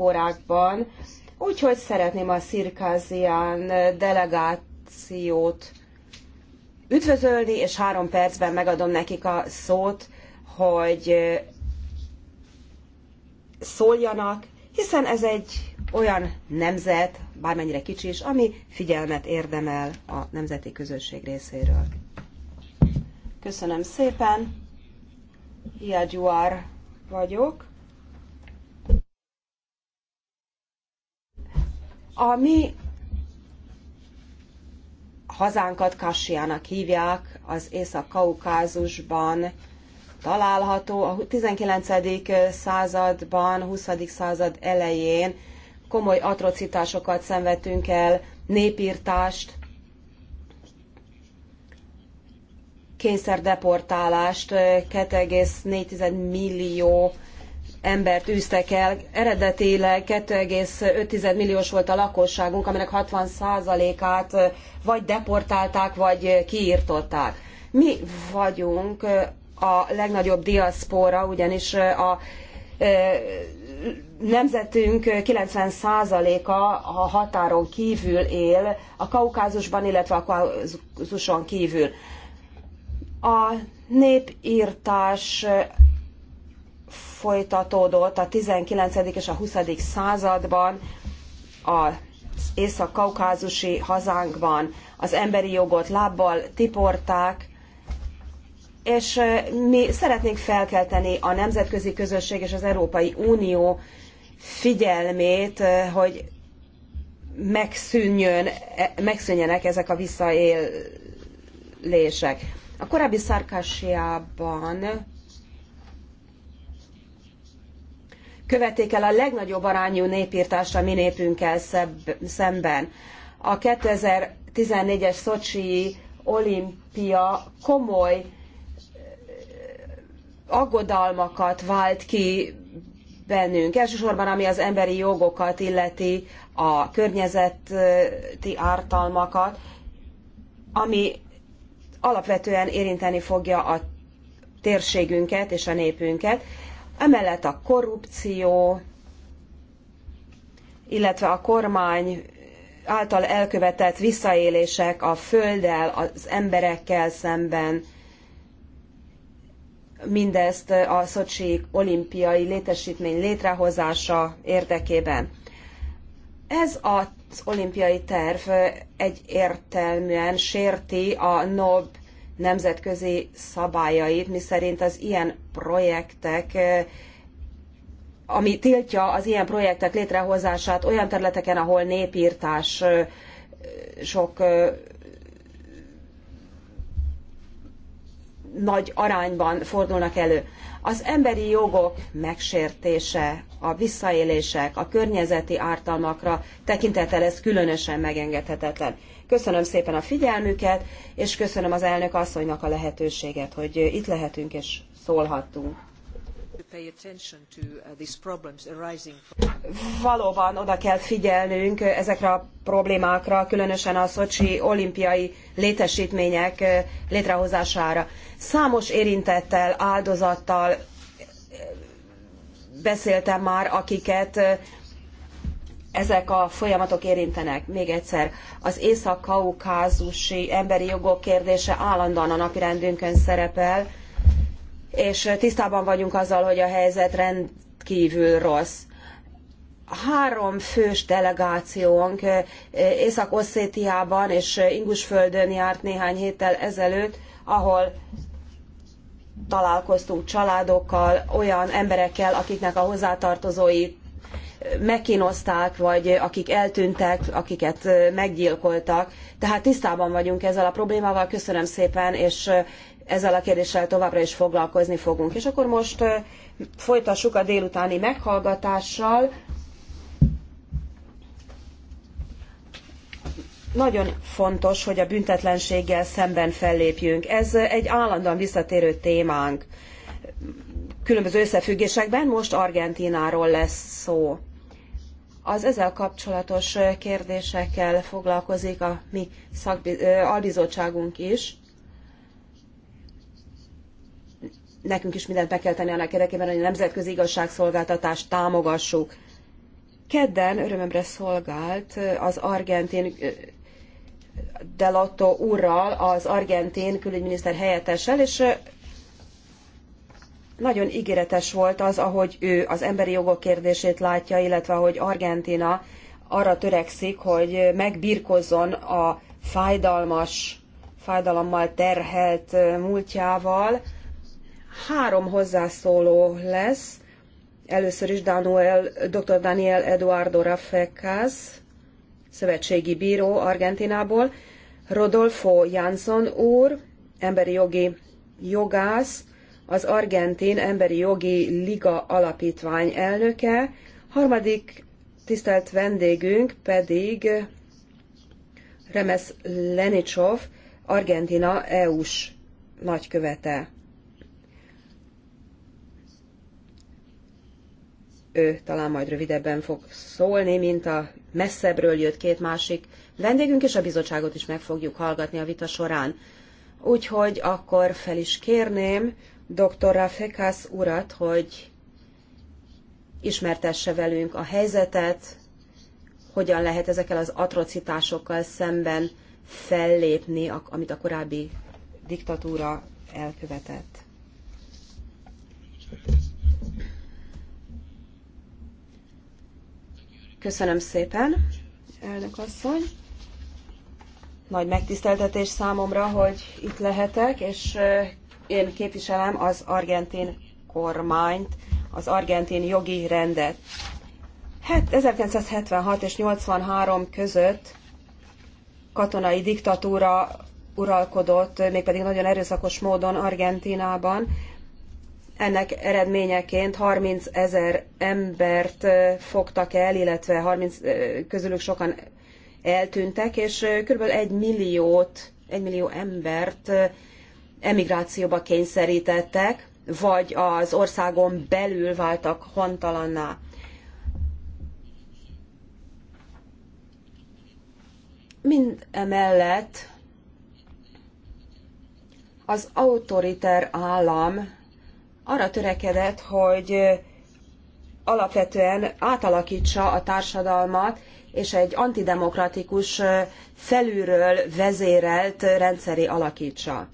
diaszporákban, úgyhogy szeretném a szirkázián delegációt üdvözölni, és három percben megadom nekik a szót, hogy szóljanak, hiszen ez egy olyan nemzet, bármennyire kicsi is, ami figyelmet érdemel a nemzeti közösség részéről. Köszönöm szépen, Ia vagyok, A mi hazánkat Kassiának hívják, az Észak-Kaukázusban található. A 19. században, 20. század elején komoly atrocitásokat szenvedtünk el, népírtást, kényszerdeportálást, 2,4 millió embert űztek el. Eredetileg 2,5 milliós volt a lakosságunk, aminek 60%-át vagy deportálták, vagy kiirtották. Mi vagyunk a legnagyobb diaszpora, ugyanis a nemzetünk 90%-a a határon kívül él, a kaukázusban, illetve a kaukázuson kívül. A népírtás folytatódott a 19. és a 20. században az észak-kaukázusi hazánkban. Az emberi jogot lábbal tiporták, és mi szeretnénk felkelteni a nemzetközi közösség és az Európai Unió figyelmét, hogy megszűnjön, e, megszűnjenek ezek a visszaélések. A korábbi szárkásiában követték el a legnagyobb arányú népírtást a mi népünkkel szemben. A 2014-es Szocsi olimpia komoly eh, aggodalmakat vált ki bennünk, elsősorban ami az emberi jogokat illeti, a környezeti ártalmakat, ami alapvetően érinteni fogja a térségünket és a népünket, Emellett a korrupció, illetve a kormány által elkövetett visszaélések a földdel, az emberekkel szemben, mindezt a Szocsi olimpiai létesítmény létrehozása érdekében. Ez az olimpiai terv egyértelműen sérti a NOB nemzetközi szabályait, miszerint az ilyen projektek eh, ami tiltja az ilyen projektek létrehozását olyan területeken, ahol népírtás eh, sok eh, nagy arányban fordulnak elő. Az emberi jogok megsértése, a visszaélések, a környezeti ártalmakra tekintettel ez különösen megengedhetetlen. Köszönöm szépen a figyelmüket, és köszönöm az elnök asszonynak a lehetőséget, hogy itt lehetünk és szólhattunk. Valóban oda kell figyelnünk ezekre a problémákra, különösen a Szocsi olimpiai létesítmények eh, létrehozására. Számos érintettel, áldozattal eh, beszéltem már, akiket eh, ezek a folyamatok érintenek. Még egyszer, az észak-kaukázusi emberi jogok kérdése állandóan a napirendünkön szerepel, és tisztában vagyunk azzal, hogy a helyzet rendkívül rossz. Három fős delegációnk eh, Észak-Osszétiában és Ingusföldön járt néhány héttel ezelőtt, ahol találkoztunk családokkal, olyan emberekkel, akiknek a hozzátartozóit megkínozták, vagy akik eltűntek, akiket meggyilkoltak. Tehát tisztában vagyunk ezzel a problémával, köszönöm szépen, és ezzel a kérdéssel továbbra is foglalkozni fogunk. És akkor most folytassuk a délutáni meghallgatással. Nagyon fontos, hogy a büntetlenséggel szemben fellépjünk. Ez egy állandóan visszatérő témánk különböző összefüggésekben, most Argentináról lesz szó az ezzel kapcsolatos kérdésekkel foglalkozik a mi albizottságunk is. Nekünk is mindent meg kell tenni annak érdekében, hogy a nemzetközi igazságszolgáltatást támogassuk. Kedden örömömre szolgált az argentin Delotto úrral, az argentin külügyminiszter helyettessel, és nagyon ígéretes volt az, ahogy ő az emberi jogok kérdését látja, illetve hogy Argentina arra törekszik, hogy megbirkozzon a fájdalmas, fájdalommal terhelt múltjával. Három hozzászóló lesz. Először is Daniel, dr. Daniel Eduardo Rafecas, szövetségi bíró Argentinából, Rodolfo Jansson úr, emberi jogi jogász, az Argentin Emberi Jogi Liga Alapítvány elnöke, harmadik tisztelt vendégünk pedig Remes Lenicsov, Argentina EU-s nagykövete. Ő talán majd rövidebben fog szólni, mint a messzebbről jött két másik vendégünk, és a bizottságot is meg fogjuk hallgatni a vita során. Úgyhogy akkor fel is kérném dr. Rafekász urat, hogy ismertesse velünk a helyzetet, hogyan lehet ezekkel az atrocitásokkal szemben fellépni, amit a korábbi diktatúra elkövetett. Köszönöm szépen, elnök asszony. Nagy megtiszteltetés számomra, hogy itt lehetek, és én képviselem az argentin kormányt, az argentin jogi rendet. 1976 és 83 között katonai diktatúra uralkodott, mégpedig nagyon erőszakos módon Argentinában. Ennek eredményeként 30 ezer embert fogtak el, illetve 30 közülük sokan eltűntek, és kb. 1 milliót, 1 millió embert emigrációba kényszerítettek, vagy az országon belül váltak hontalanná. Mind emellett az autoriter állam arra törekedett, hogy alapvetően átalakítsa a társadalmat, és egy antidemokratikus felülről vezérelt rendszeri alakítsa.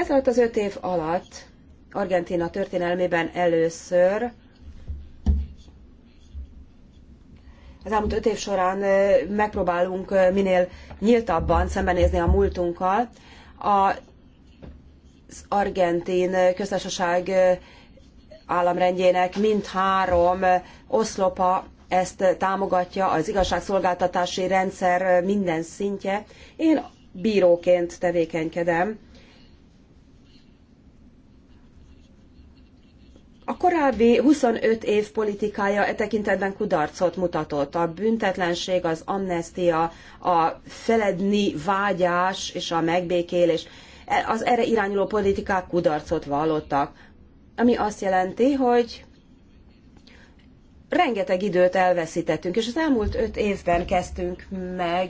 Ez alatt az öt év alatt Argentina történelmében először az elmúlt öt év során megpróbálunk minél nyíltabban szembenézni a múltunkkal. Az argentin köztársaság államrendjének három oszlopa ezt támogatja, az igazságszolgáltatási rendszer minden szintje. Én bíróként tevékenykedem A korábbi 25 év politikája e tekintetben kudarcot mutatott. A büntetlenség, az amnestia, a feledni vágyás és a megbékélés, e, az erre irányuló politikák kudarcot vallottak. Ami azt jelenti, hogy rengeteg időt elveszítettünk, és az elmúlt öt évben kezdtünk meg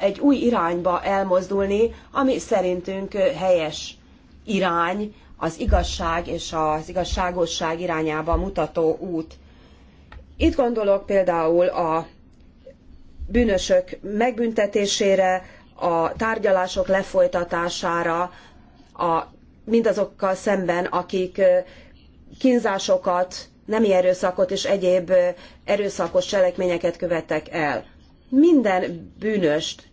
egy új irányba elmozdulni, ami szerintünk helyes irány, az igazság és az igazságosság irányába mutató út. Itt gondolok például a bűnösök megbüntetésére, a tárgyalások lefolytatására, a, mindazokkal szemben, akik kínzásokat, nemi erőszakot és egyéb erőszakos cselekményeket követtek el. Minden bűnöst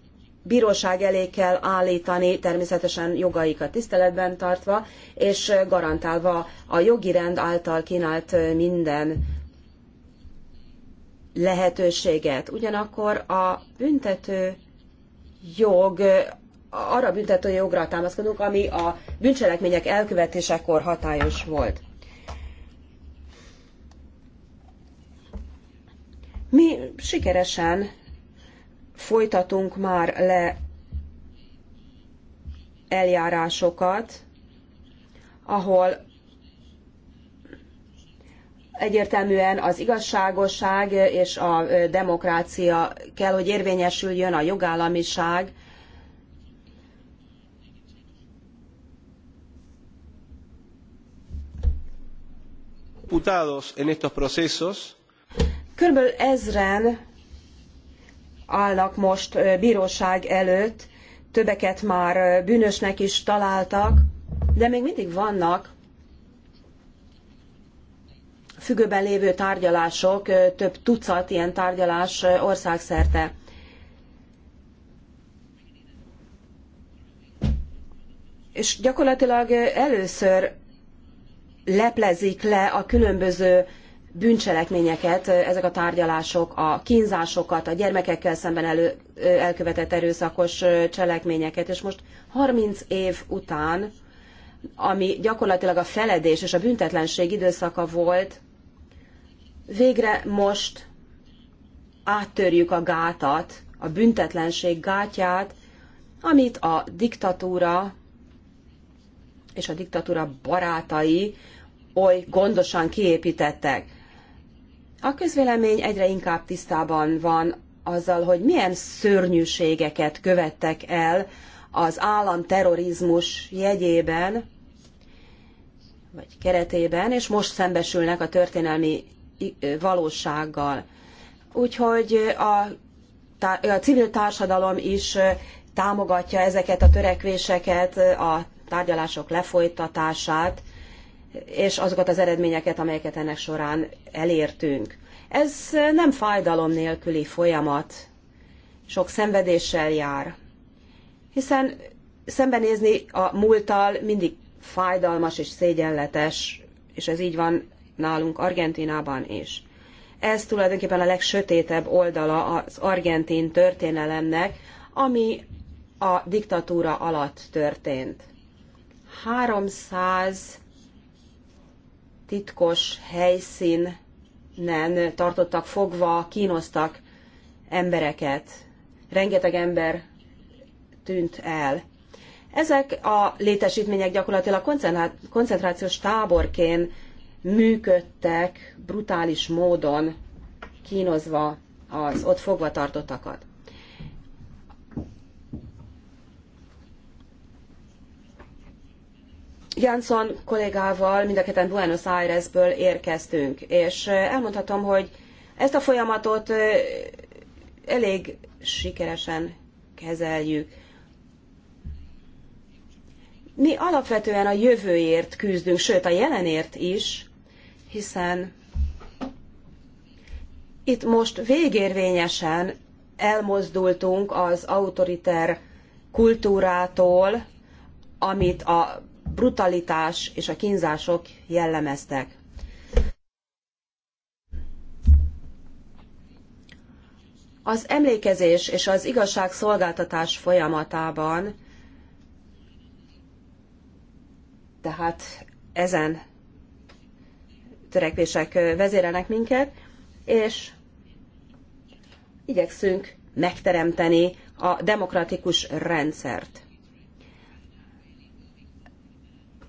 bíróság elé kell állítani, természetesen jogaikat tiszteletben tartva, és garantálva a jogi rend által kínált minden lehetőséget. Ugyanakkor a büntető jog arra büntető jogra támaszkodunk, ami a bűncselekmények elkövetésekor hatályos volt. Mi sikeresen folytatunk már le eljárásokat, ahol egyértelműen az igazságosság és a demokrácia kell, hogy érvényesüljön, a jogállamiság. Putados en estos procesos. Körülbelül ezren állnak most bíróság előtt, többeket már bűnösnek is találtak, de még mindig vannak függőben lévő tárgyalások, több tucat ilyen tárgyalás országszerte. És gyakorlatilag először leplezik le a különböző bűncselekményeket, ezek a tárgyalások, a kínzásokat, a gyermekekkel szemben elő, elkövetett erőszakos cselekményeket, és most 30 év után, ami gyakorlatilag a feledés és a büntetlenség időszaka volt, végre most áttörjük a gátat, a büntetlenség gátját, amit a diktatúra és a diktatúra barátai oly gondosan kiépítettek. A közvélemény egyre inkább tisztában van azzal, hogy milyen szörnyűségeket követtek el az államterrorizmus jegyében, vagy keretében, és most szembesülnek a történelmi valósággal. Úgyhogy a, a civil társadalom is támogatja ezeket a törekvéseket, a tárgyalások lefolytatását, és azokat az eredményeket, amelyeket ennek során elértünk. Ez nem fájdalom nélküli folyamat, sok szenvedéssel jár, hiszen szembenézni a múlttal mindig fájdalmas és szégyenletes, és ez így van nálunk Argentinában is. Ez tulajdonképpen a legsötétebb oldala az argentin történelemnek, ami a diktatúra alatt történt. 300 titkos helyszínen tartottak fogva, kínoztak embereket. Rengeteg ember tűnt el. Ezek a létesítmények gyakorlatilag koncentrációs táborként működtek brutális módon, kínozva az ott fogvatartottakat. Jansson kollégával mind a ketten Buenos Airesből érkeztünk, és elmondhatom, hogy ezt a folyamatot elég sikeresen kezeljük. Mi alapvetően a jövőért küzdünk, sőt a jelenért is, hiszen itt most végérvényesen elmozdultunk az autoriter kultúrától, amit a brutalitás és a kínzások jellemeztek. Az emlékezés és az igazságszolgáltatás folyamatában, tehát ezen törekvések vezérelnek minket, és igyekszünk megteremteni a demokratikus rendszert.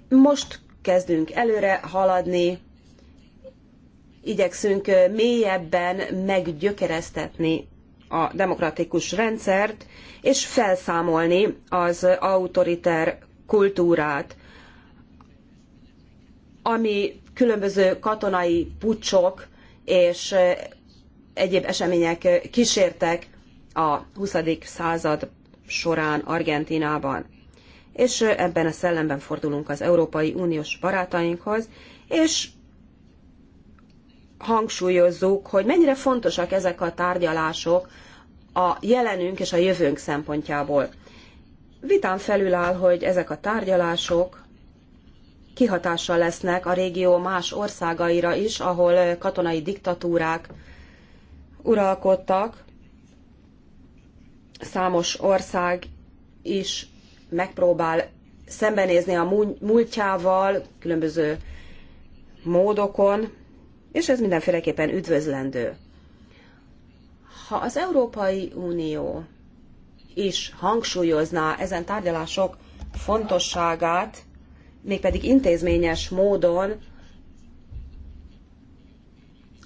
Most kezdünk előre haladni, igyekszünk mélyebben meggyökeresztetni a demokratikus rendszert, és felszámolni az autoriter kultúrát, ami különböző katonai pucsok és egyéb események kísértek a 20. század során Argentinában és ebben a szellemben fordulunk az Európai Uniós barátainkhoz, és hangsúlyozzuk, hogy mennyire fontosak ezek a tárgyalások a jelenünk és a jövőnk szempontjából. Vitán felül áll, hogy ezek a tárgyalások kihatással lesznek a régió más országaira is, ahol katonai diktatúrák uralkodtak. Számos ország is megpróbál szembenézni a múltjával, különböző módokon, és ez mindenféleképpen üdvözlendő. Ha az Európai Unió is hangsúlyozná ezen tárgyalások fontosságát, mégpedig intézményes módon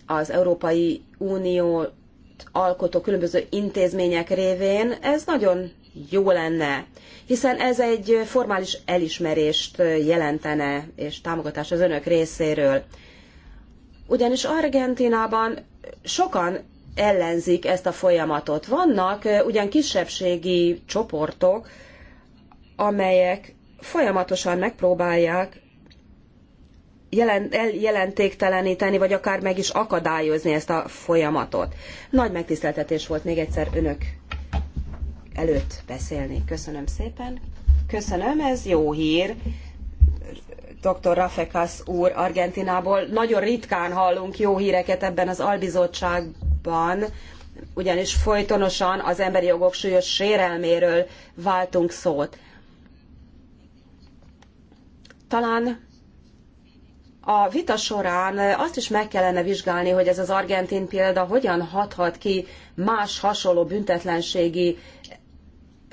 az Európai Unió alkotó különböző intézmények révén, ez nagyon jó lenne, hiszen ez egy formális elismerést jelentene és támogatás az önök részéről. Ugyanis Argentinában sokan ellenzik ezt a folyamatot. Vannak ugyan kisebbségi csoportok, amelyek folyamatosan megpróbálják jelent, vagy akár meg is akadályozni ezt a folyamatot. Nagy megtiszteltetés volt még egyszer önök előtt beszélni. Köszönöm szépen. Köszönöm, ez jó hír. Dr. Rafekas úr Argentinából. Nagyon ritkán hallunk jó híreket ebben az albizottságban, ugyanis folytonosan az emberi jogok súlyos sérelméről váltunk szót. Talán a vita során azt is meg kellene vizsgálni, hogy ez az argentin példa hogyan hathat ki más hasonló büntetlenségi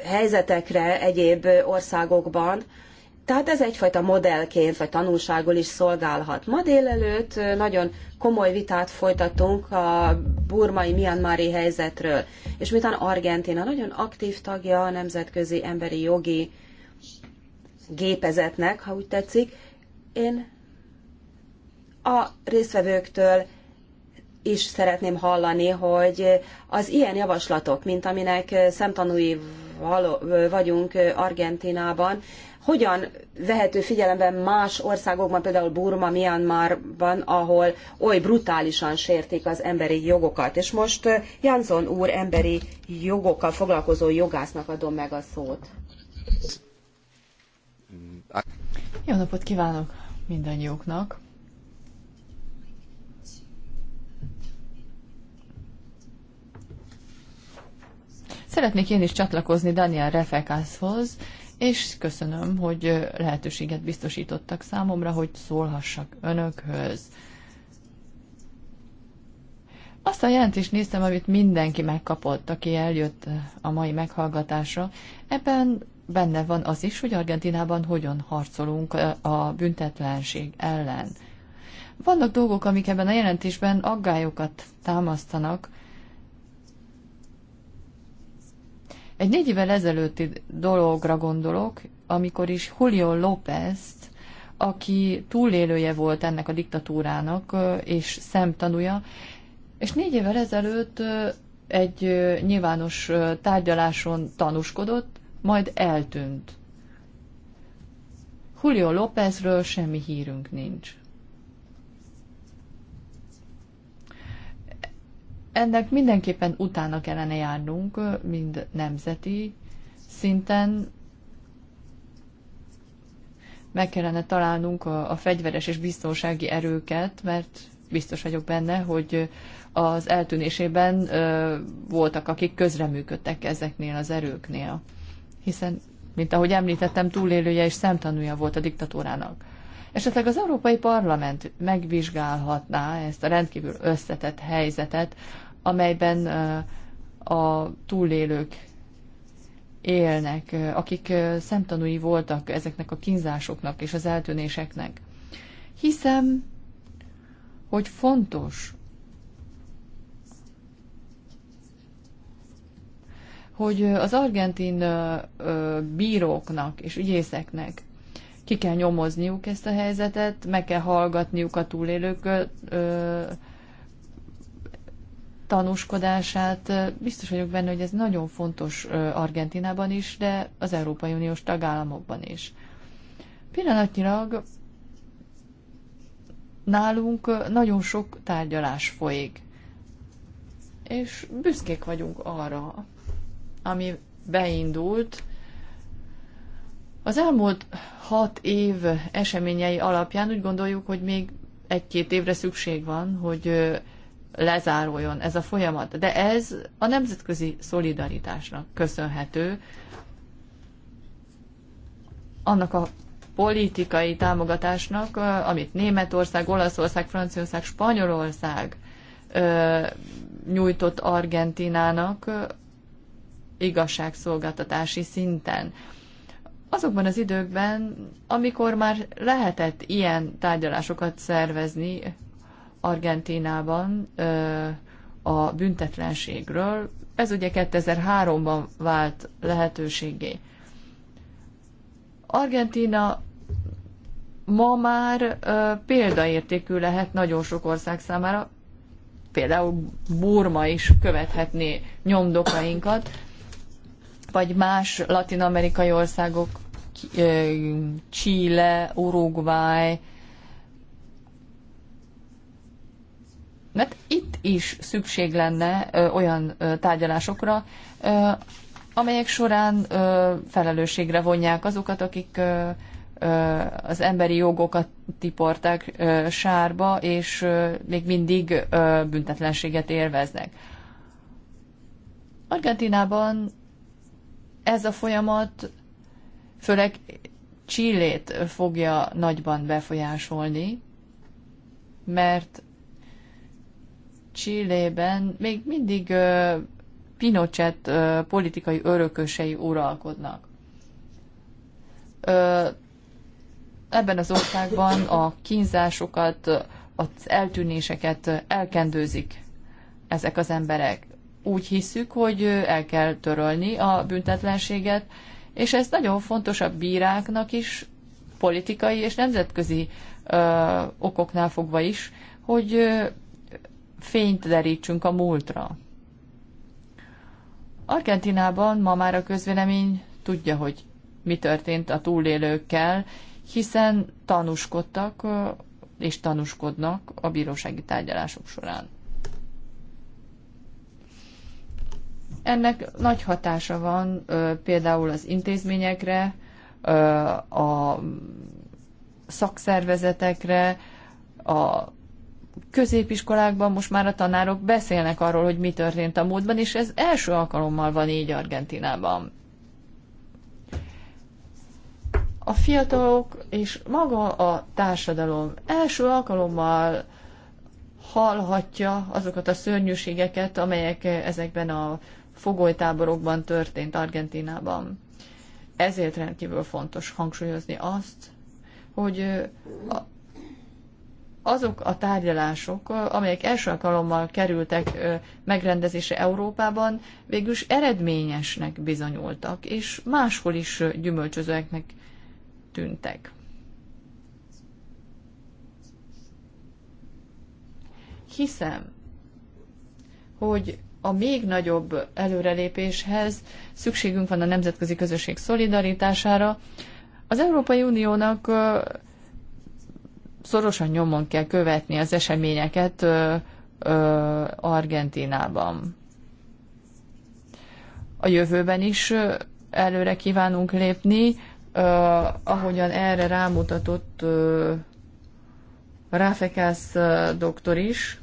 helyzetekre egyéb országokban. Tehát ez egyfajta modellként vagy tanulságul is szolgálhat. Ma délelőtt nagyon komoly vitát folytatunk a burmai mianmári helyzetről, és miután Argentina nagyon aktív tagja a nemzetközi emberi jogi gépezetnek, ha úgy tetszik, én a résztvevőktől is szeretném hallani, hogy az ilyen javaslatok, mint aminek szemtanúi vagyunk Argentinában, hogyan vehető figyelembe más országokban, például Burma, Myanmarban, ahol oly brutálisan sértik az emberi jogokat. És most Janson úr emberi jogokkal foglalkozó jogásznak adom meg a szót. Jó napot kívánok mindannyiuknak! Szeretnék én is csatlakozni Daniel Refekászhoz, és köszönöm, hogy lehetőséget biztosítottak számomra, hogy szólhassak önökhöz. Azt a jelentést néztem, amit mindenki megkapott, aki eljött a mai meghallgatásra. Ebben benne van az is, hogy Argentinában hogyan harcolunk a büntetlenség ellen. Vannak dolgok, amik ebben a jelentésben aggályokat támasztanak, Egy négy évvel ezelőtti dologra gondolok, amikor is Julio lópez aki túlélője volt ennek a diktatúrának, és szemtanúja, és négy évvel ezelőtt egy nyilvános tárgyaláson tanúskodott, majd eltűnt. Julio Lópezről semmi hírünk nincs. ennek mindenképpen utána kellene járnunk, mind nemzeti szinten. Meg kellene találnunk a, a fegyveres és biztonsági erőket, mert biztos vagyok benne, hogy az eltűnésében ö, voltak, akik közreműködtek ezeknél az erőknél. Hiszen, mint ahogy említettem, túlélője és szemtanúja volt a diktatúrának. Esetleg az Európai Parlament megvizsgálhatná ezt a rendkívül összetett helyzetet amelyben a túlélők élnek, akik szemtanúi voltak ezeknek a kínzásoknak és az eltűnéseknek. Hiszem, hogy fontos, hogy az argentin bíróknak és ügyészeknek ki kell nyomozniuk ezt a helyzetet, meg kell hallgatniuk a túlélőket tanúskodását. Biztos vagyok benne, hogy ez nagyon fontos Argentinában is, de az Európai Uniós tagállamokban is. Pillanatnyilag nálunk nagyon sok tárgyalás folyik, és büszkék vagyunk arra, ami beindult. Az elmúlt hat év eseményei alapján úgy gondoljuk, hogy még egy-két évre szükség van, hogy lezáruljon ez a folyamat. De ez a nemzetközi szolidaritásnak köszönhető, annak a politikai támogatásnak, amit Németország, Olaszország, Franciaország, Spanyolország nyújtott Argentinának igazságszolgáltatási szinten. Azokban az időkben, amikor már lehetett ilyen tárgyalásokat szervezni Argentínában a büntetlenségről. Ez ugye 2003-ban vált lehetőségé. Argentína ma már példaértékű lehet nagyon sok ország számára, például Burma is követhetné nyomdokainkat, vagy más latin-amerikai országok, Chile, Uruguay, mert itt is szükség lenne olyan tárgyalásokra, amelyek során felelősségre vonják azokat, akik az emberi jogokat tiporták sárba, és még mindig büntetlenséget élveznek. Argentinában ez a folyamat főleg Csillét fogja nagyban befolyásolni, mert Csillében még mindig Pinochet politikai örökösei uralkodnak. Ebben az országban a kínzásokat, az eltűnéseket elkendőzik ezek az emberek. Úgy hiszük, hogy el kell törölni a büntetlenséget, és ez nagyon fontos a bíráknak is, politikai és nemzetközi ö, okoknál fogva is, hogy fényt derítsünk a múltra. Argentinában ma már a közvélemény tudja, hogy mi történt a túlélőkkel, hiszen tanúskodtak és tanúskodnak a bírósági tárgyalások során. Ennek nagy hatása van például az intézményekre, a szakszervezetekre, a középiskolákban most már a tanárok beszélnek arról, hogy mi történt a múltban, és ez első alkalommal van így Argentinában. A fiatalok és maga a társadalom első alkalommal hallhatja azokat a szörnyűségeket, amelyek ezekben a fogolytáborokban történt Argentinában. Ezért rendkívül fontos hangsúlyozni azt, hogy azok a tárgyalások, amelyek első alkalommal kerültek megrendezése Európában, végülis eredményesnek bizonyultak, és máshol is gyümölcsözőeknek tűntek. Hiszem, hogy a még nagyobb előrelépéshez szükségünk van a nemzetközi közösség szolidaritására. Az Európai Uniónak szorosan nyomon kell követni az eseményeket Argentinában. A jövőben is előre kívánunk lépni, ahogyan erre rámutatott Ráfekász doktor is,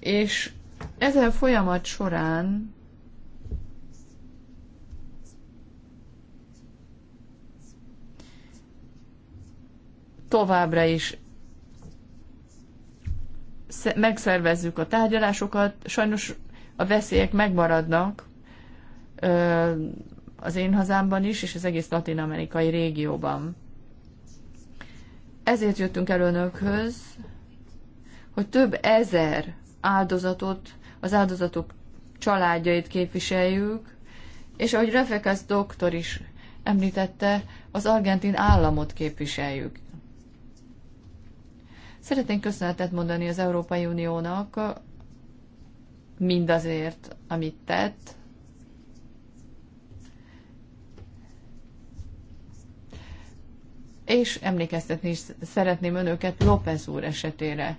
és ezen folyamat során továbbra is megszervezzük a tárgyalásokat. Sajnos a veszélyek megmaradnak az én hazámban is, és az egész latin-amerikai régióban. Ezért jöttünk el önökhöz, hogy több ezer áldozatot, az áldozatok családjait képviseljük, és ahogy Refekesz doktor is említette, az argentin államot képviseljük. Szeretnénk köszönetet mondani az Európai Uniónak mindazért, amit tett. És emlékeztetni is szeretném önöket López úr esetére.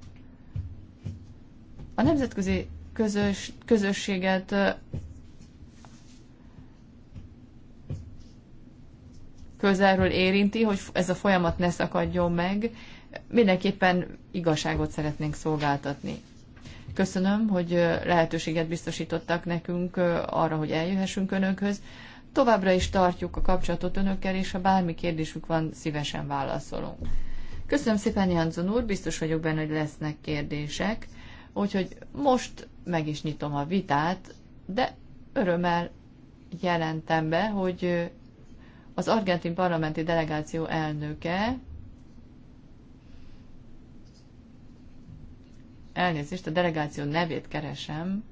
A nemzetközi közös, közösséget közelről érinti, hogy ez a folyamat ne szakadjon meg, mindenképpen igazságot szeretnénk szolgáltatni. Köszönöm, hogy lehetőséget biztosítottak nekünk arra, hogy eljöhessünk önökhöz. Továbbra is tartjuk a kapcsolatot önökkel, és ha bármi kérdésük van, szívesen válaszolunk. Köszönöm szépen, Janzon úr, biztos vagyok benne, hogy lesznek kérdések, úgyhogy most meg is nyitom a vitát, de örömmel jelentem be, hogy az argentin parlamenti delegáció elnöke, elnézést, a delegáció nevét keresem,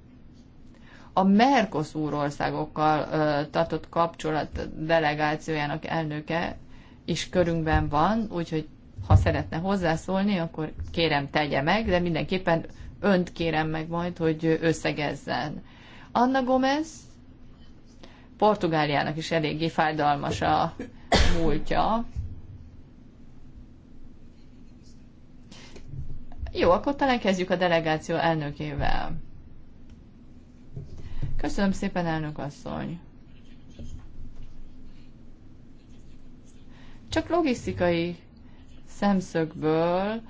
a Mercosur országokkal ö, tartott kapcsolat delegációjának elnöke is körünkben van, úgyhogy ha szeretne hozzászólni, akkor kérem tegye meg, de mindenképpen önt kérem meg majd, hogy összegezzen. Anna Gomez, Portugáliának is eléggé fájdalmas a múltja, Jó, akkor talán kezdjük a delegáció elnökével. Köszönöm szépen, elnök asszony. Csak logisztikai szemszögből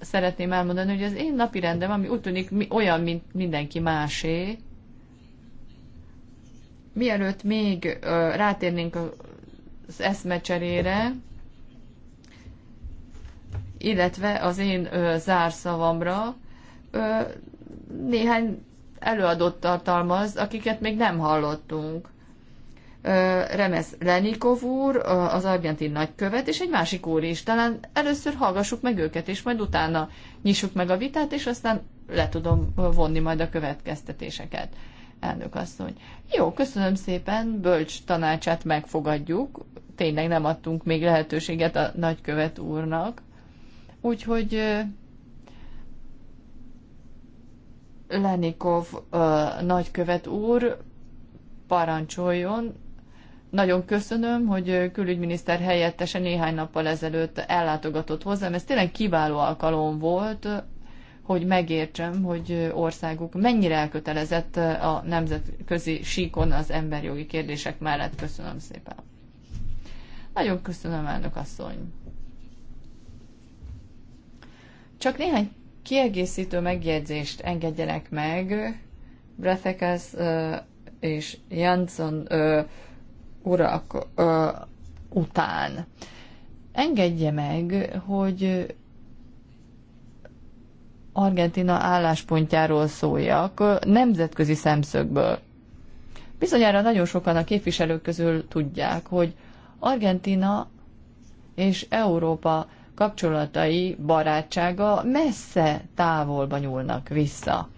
szeretném elmondani, hogy az én napirendem, ami úgy tűnik olyan, mint mindenki másé, mielőtt még rátérnénk az eszmecserére, illetve az én ö, zárszavamra ö, néhány előadót tartalmaz, akiket még nem hallottunk. Remes Lenikov úr, az argentin nagykövet, és egy másik úr is. Talán először hallgassuk meg őket, és majd utána nyissuk meg a vitát, és aztán le tudom vonni majd a következtetéseket. Elnök asszony. Jó, köszönöm szépen, bölcs tanácsát megfogadjuk. Tényleg nem adtunk még lehetőséget a nagykövet úrnak. Úgyhogy Lenikov nagykövet úr parancsoljon. Nagyon köszönöm, hogy külügyminiszter helyettese néhány nappal ezelőtt ellátogatott hozzám. Ez tényleg kiváló alkalom volt, hogy megértsem, hogy országuk mennyire elkötelezett a nemzetközi síkon az emberjogi kérdések mellett. Köszönöm szépen. Nagyon köszönöm, elnök asszony. Csak néhány kiegészítő megjegyzést engedjenek meg Brefekes és Jansson urak után. Engedje meg, hogy Argentina álláspontjáról szóljak nemzetközi szemszögből. Bizonyára nagyon sokan a képviselők közül tudják, hogy Argentina és Európa kapcsolatai, barátsága messze távolba nyúlnak vissza.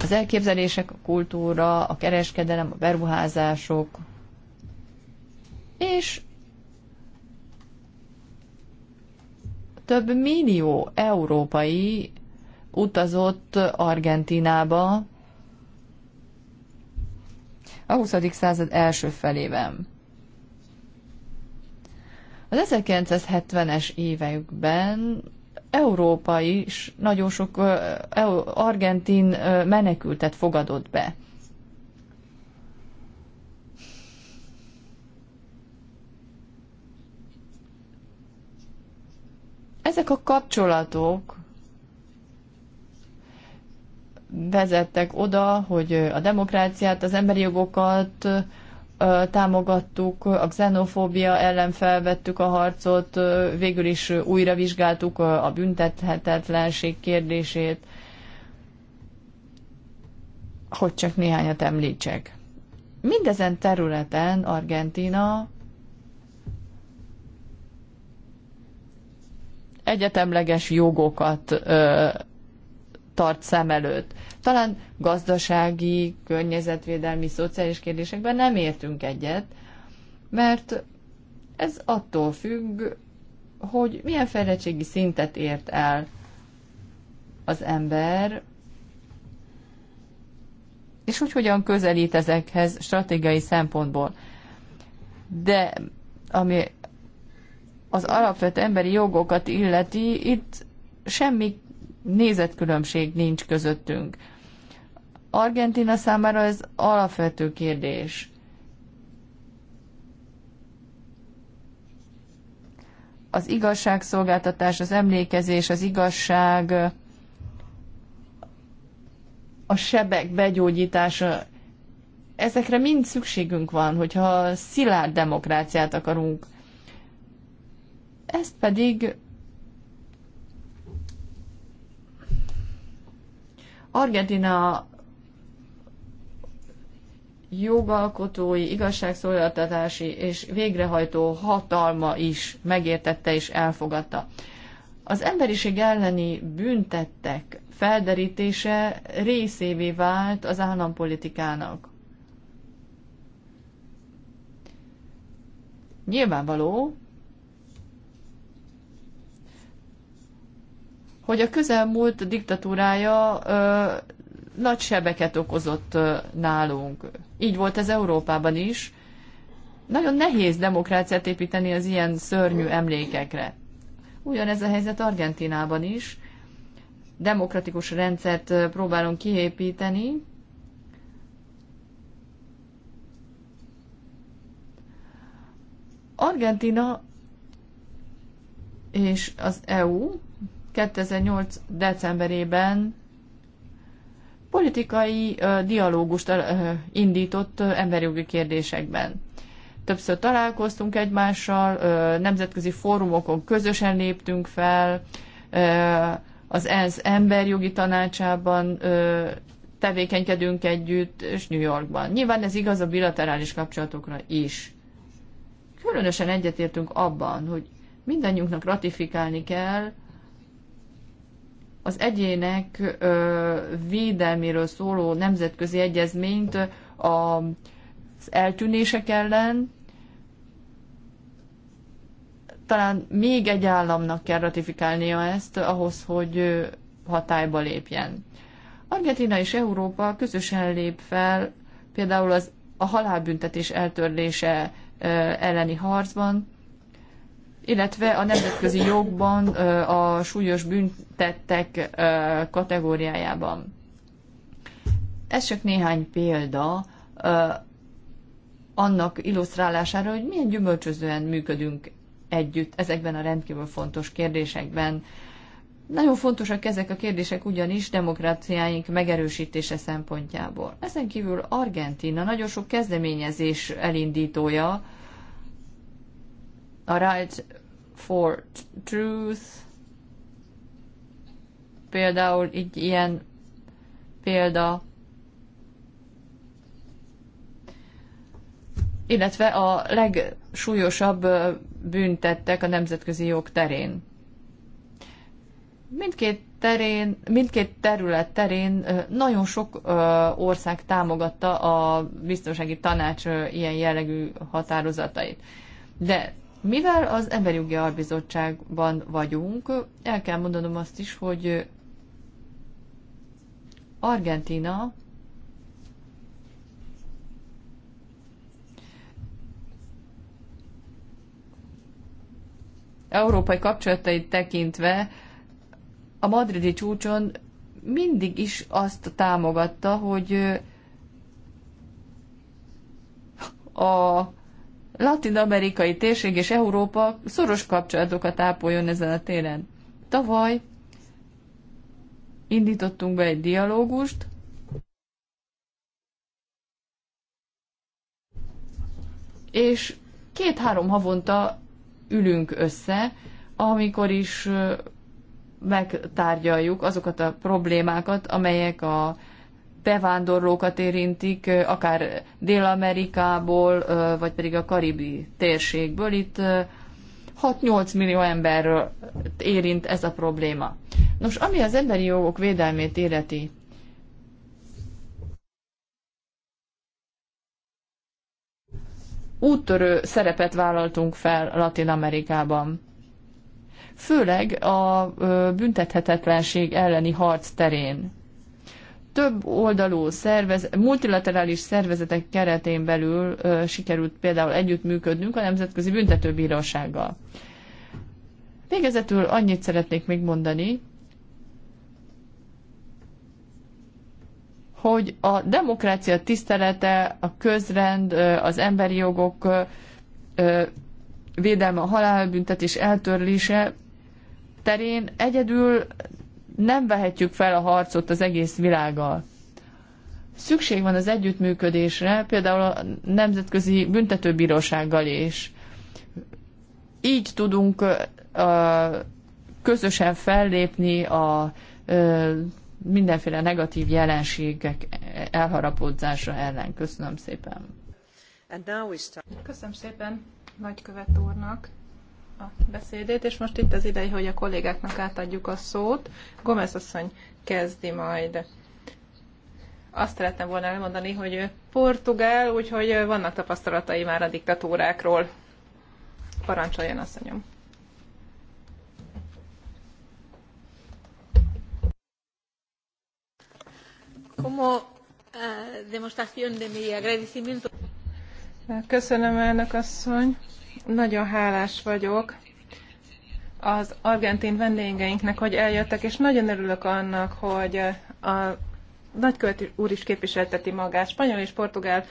Az elképzelések, a kultúra, a kereskedelem, a beruházások, és több millió európai utazott Argentinába a 20. század első felében. Az 1970-es években Európa is nagyon sok argentin menekültet fogadott be. Ezek a kapcsolatok vezettek oda, hogy a demokráciát, az emberi jogokat, támogattuk, a xenofóbia ellen felvettük a harcot, végül is újra vizsgáltuk a büntethetetlenség kérdését, hogy csak néhányat említsek. Mindezen területen Argentina egyetemleges jogokat tart szem előtt. Talán gazdasági, környezetvédelmi, szociális kérdésekben nem értünk egyet, mert ez attól függ, hogy milyen fejlettségi szintet ért el az ember, és hogy hogyan közelít ezekhez stratégiai szempontból. De ami az alapvető emberi jogokat illeti, itt semmi nézetkülönbség nincs közöttünk. Argentina számára ez alapvető kérdés. Az igazságszolgáltatás, az emlékezés, az igazság, a sebek begyógyítása, ezekre mind szükségünk van, hogyha szilárd demokráciát akarunk. Ezt pedig Argentina jogalkotói, igazságszolgáltatási és végrehajtó hatalma is megértette és elfogadta. Az emberiség elleni büntettek felderítése részévé vált az állampolitikának. Nyilvánvaló, hogy a közelmúlt diktatúrája ö, nagy sebeket okozott ö, nálunk. Így volt ez Európában is. Nagyon nehéz demokráciát építeni az ilyen szörnyű emlékekre. Ugyanez a helyzet Argentinában is. Demokratikus rendszert próbálunk kiépíteni, Argentina és az EU 2008. decemberében politikai dialógust indított emberjogi kérdésekben. Többször találkoztunk egymással, nemzetközi fórumokon közösen léptünk fel, az ENSZ emberjogi tanácsában tevékenykedünk együtt, és New Yorkban. Nyilván ez igaz a bilaterális kapcsolatokra is. Különösen egyetértünk abban, hogy mindannyiunknak ratifikálni kell az egyének védelméről szóló nemzetközi egyezményt az eltűnések ellen, talán még egy államnak kell ratifikálnia ezt ahhoz, hogy hatályba lépjen. Argentina és Európa közösen lép fel például az, a halálbüntetés eltörlése elleni harcban, illetve a nemzetközi jogban a súlyos büntettek kategóriájában. Ez csak néhány példa annak illusztrálására, hogy milyen gyümölcsözően működünk együtt ezekben a rendkívül fontos kérdésekben. Nagyon fontosak ezek a kérdések ugyanis demokráciáink megerősítése szempontjából. Ezen kívül Argentina nagyon sok kezdeményezés elindítója, a Right for Truth, például így ilyen példa, illetve a legsúlyosabb büntettek a nemzetközi jog terén. Mindkét, terén, mindkét terület terén nagyon sok ország támogatta a biztonsági tanács ilyen jellegű határozatait. De mivel az Emberi Jogi Albizottságban vagyunk, el kell mondanom azt is, hogy Argentina európai kapcsolatait tekintve a madridi csúcson mindig is azt támogatta, hogy a latin-amerikai térség és Európa szoros kapcsolatokat ápoljon ezen a téren. Tavaly indítottunk be egy dialógust, és két-három havonta ülünk össze, amikor is megtárgyaljuk azokat a problémákat, amelyek a bevándorlókat érintik, akár Dél-Amerikából, vagy pedig a karibi térségből. Itt 6-8 millió emberről érint ez a probléma. Nos, ami az emberi jogok védelmét életi, úttörő szerepet vállaltunk fel Latin Amerikában. Főleg a büntethetetlenség elleni harc terén több oldalú szervez, multilaterális szervezetek keretén belül ö, sikerült például együttműködnünk a Nemzetközi Büntetőbírósággal. Végezetül annyit szeretnék még mondani, hogy a demokrácia tisztelete, a közrend, az emberi jogok védelme, a halálbüntetés eltörlése terén egyedül nem vehetjük fel a harcot az egész világgal. Szükség van az együttműködésre, például a Nemzetközi Büntetőbírósággal is. Így tudunk közösen fellépni a mindenféle negatív jelenségek elharapódzása ellen. Köszönöm szépen. Köszönöm szépen nagykövet úrnak a beszédét, és most itt az ideje, hogy a kollégáknak átadjuk a szót. Gomez asszony kezdi majd. Azt szeretném volna elmondani, hogy portugál, úgyhogy vannak tapasztalatai már a diktatúrákról. Parancsoljon, asszonyom! Como eh, demostración de mi agradecimiento. Köszönöm, elnök asszony! Nagyon hálás vagyok az argentin vendégeinknek, hogy eljöttek, és nagyon örülök annak, hogy a nagykövet úr is képviselteti magát. Spanyol és portugál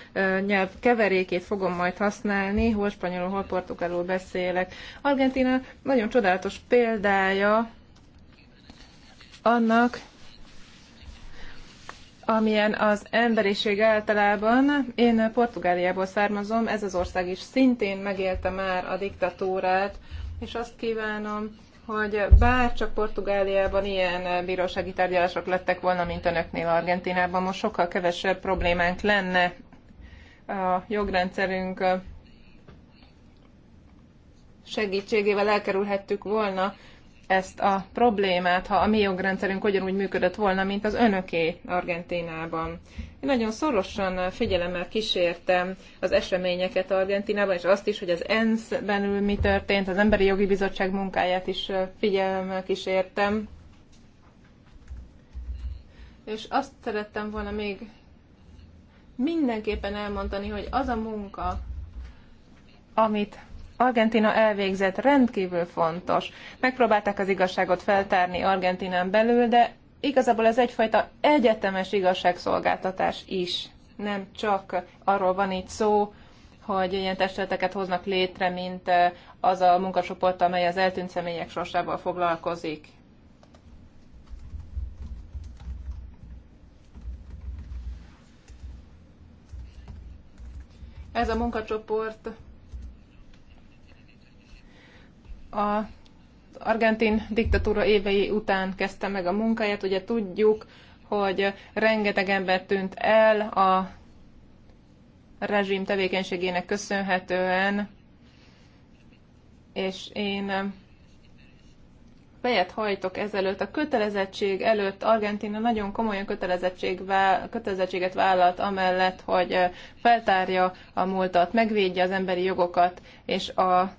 nyelv keverékét fogom majd használni, hol spanyolul, hol portugálul beszélek. Argentina nagyon csodálatos példája annak, amilyen az emberiség általában. Én Portugáliából származom, ez az ország is szintén megélte már a diktatúrát, és azt kívánom, hogy bár csak Portugáliában ilyen bírósági tárgyalások lettek volna, mint önöknél Argentinában, most sokkal kevesebb problémánk lenne a jogrendszerünk segítségével elkerülhettük volna ezt a problémát, ha a mi jogrendszerünk ugyanúgy működött volna, mint az önöké Argentinában. Én nagyon szorosan figyelemmel kísértem az eseményeket Argentinában, és azt is, hogy az ENSZ-ben mi történt, az Emberi Jogi Bizottság munkáját is figyelemmel kísértem. És azt szerettem volna még mindenképpen elmondani, hogy az a munka, amit Argentina elvégzett rendkívül fontos. Megpróbálták az igazságot feltárni Argentinán belül, de igazából ez egyfajta egyetemes igazságszolgáltatás is. Nem csak arról van itt szó, hogy ilyen testületeket hoznak létre, mint eh, az a munkacsoport, amely az eltűnt személyek sorsával foglalkozik. Ez a munkacsoport a argentin diktatúra évei után kezdte meg a munkáját. Ugye tudjuk, hogy rengeteg ember tűnt el a rezsim tevékenységének köszönhetően, és én eh, fejet hajtok ezelőtt, a kötelezettség előtt Argentina nagyon komolyan kötelezettség kötelezettséget vállalt amellett, hogy eh, feltárja a múltat, megvédje az emberi jogokat, és a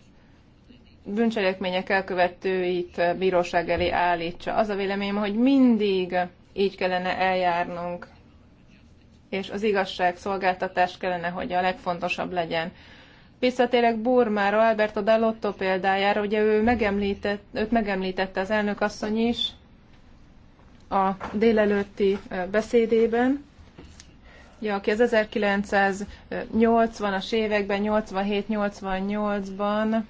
bűncselekmények elkövetőit bíróság elé állítsa. Az a véleményem, hogy mindig így kellene eljárnunk, és az igazság szolgáltatás kellene, hogy a legfontosabb legyen. Visszatérek Burmára, Alberto Dallotto példájára, ugye ő megemlített, őt megemlítette az elnök asszony is a délelőtti beszédében, ja, aki az 1980-as években, 87-88-ban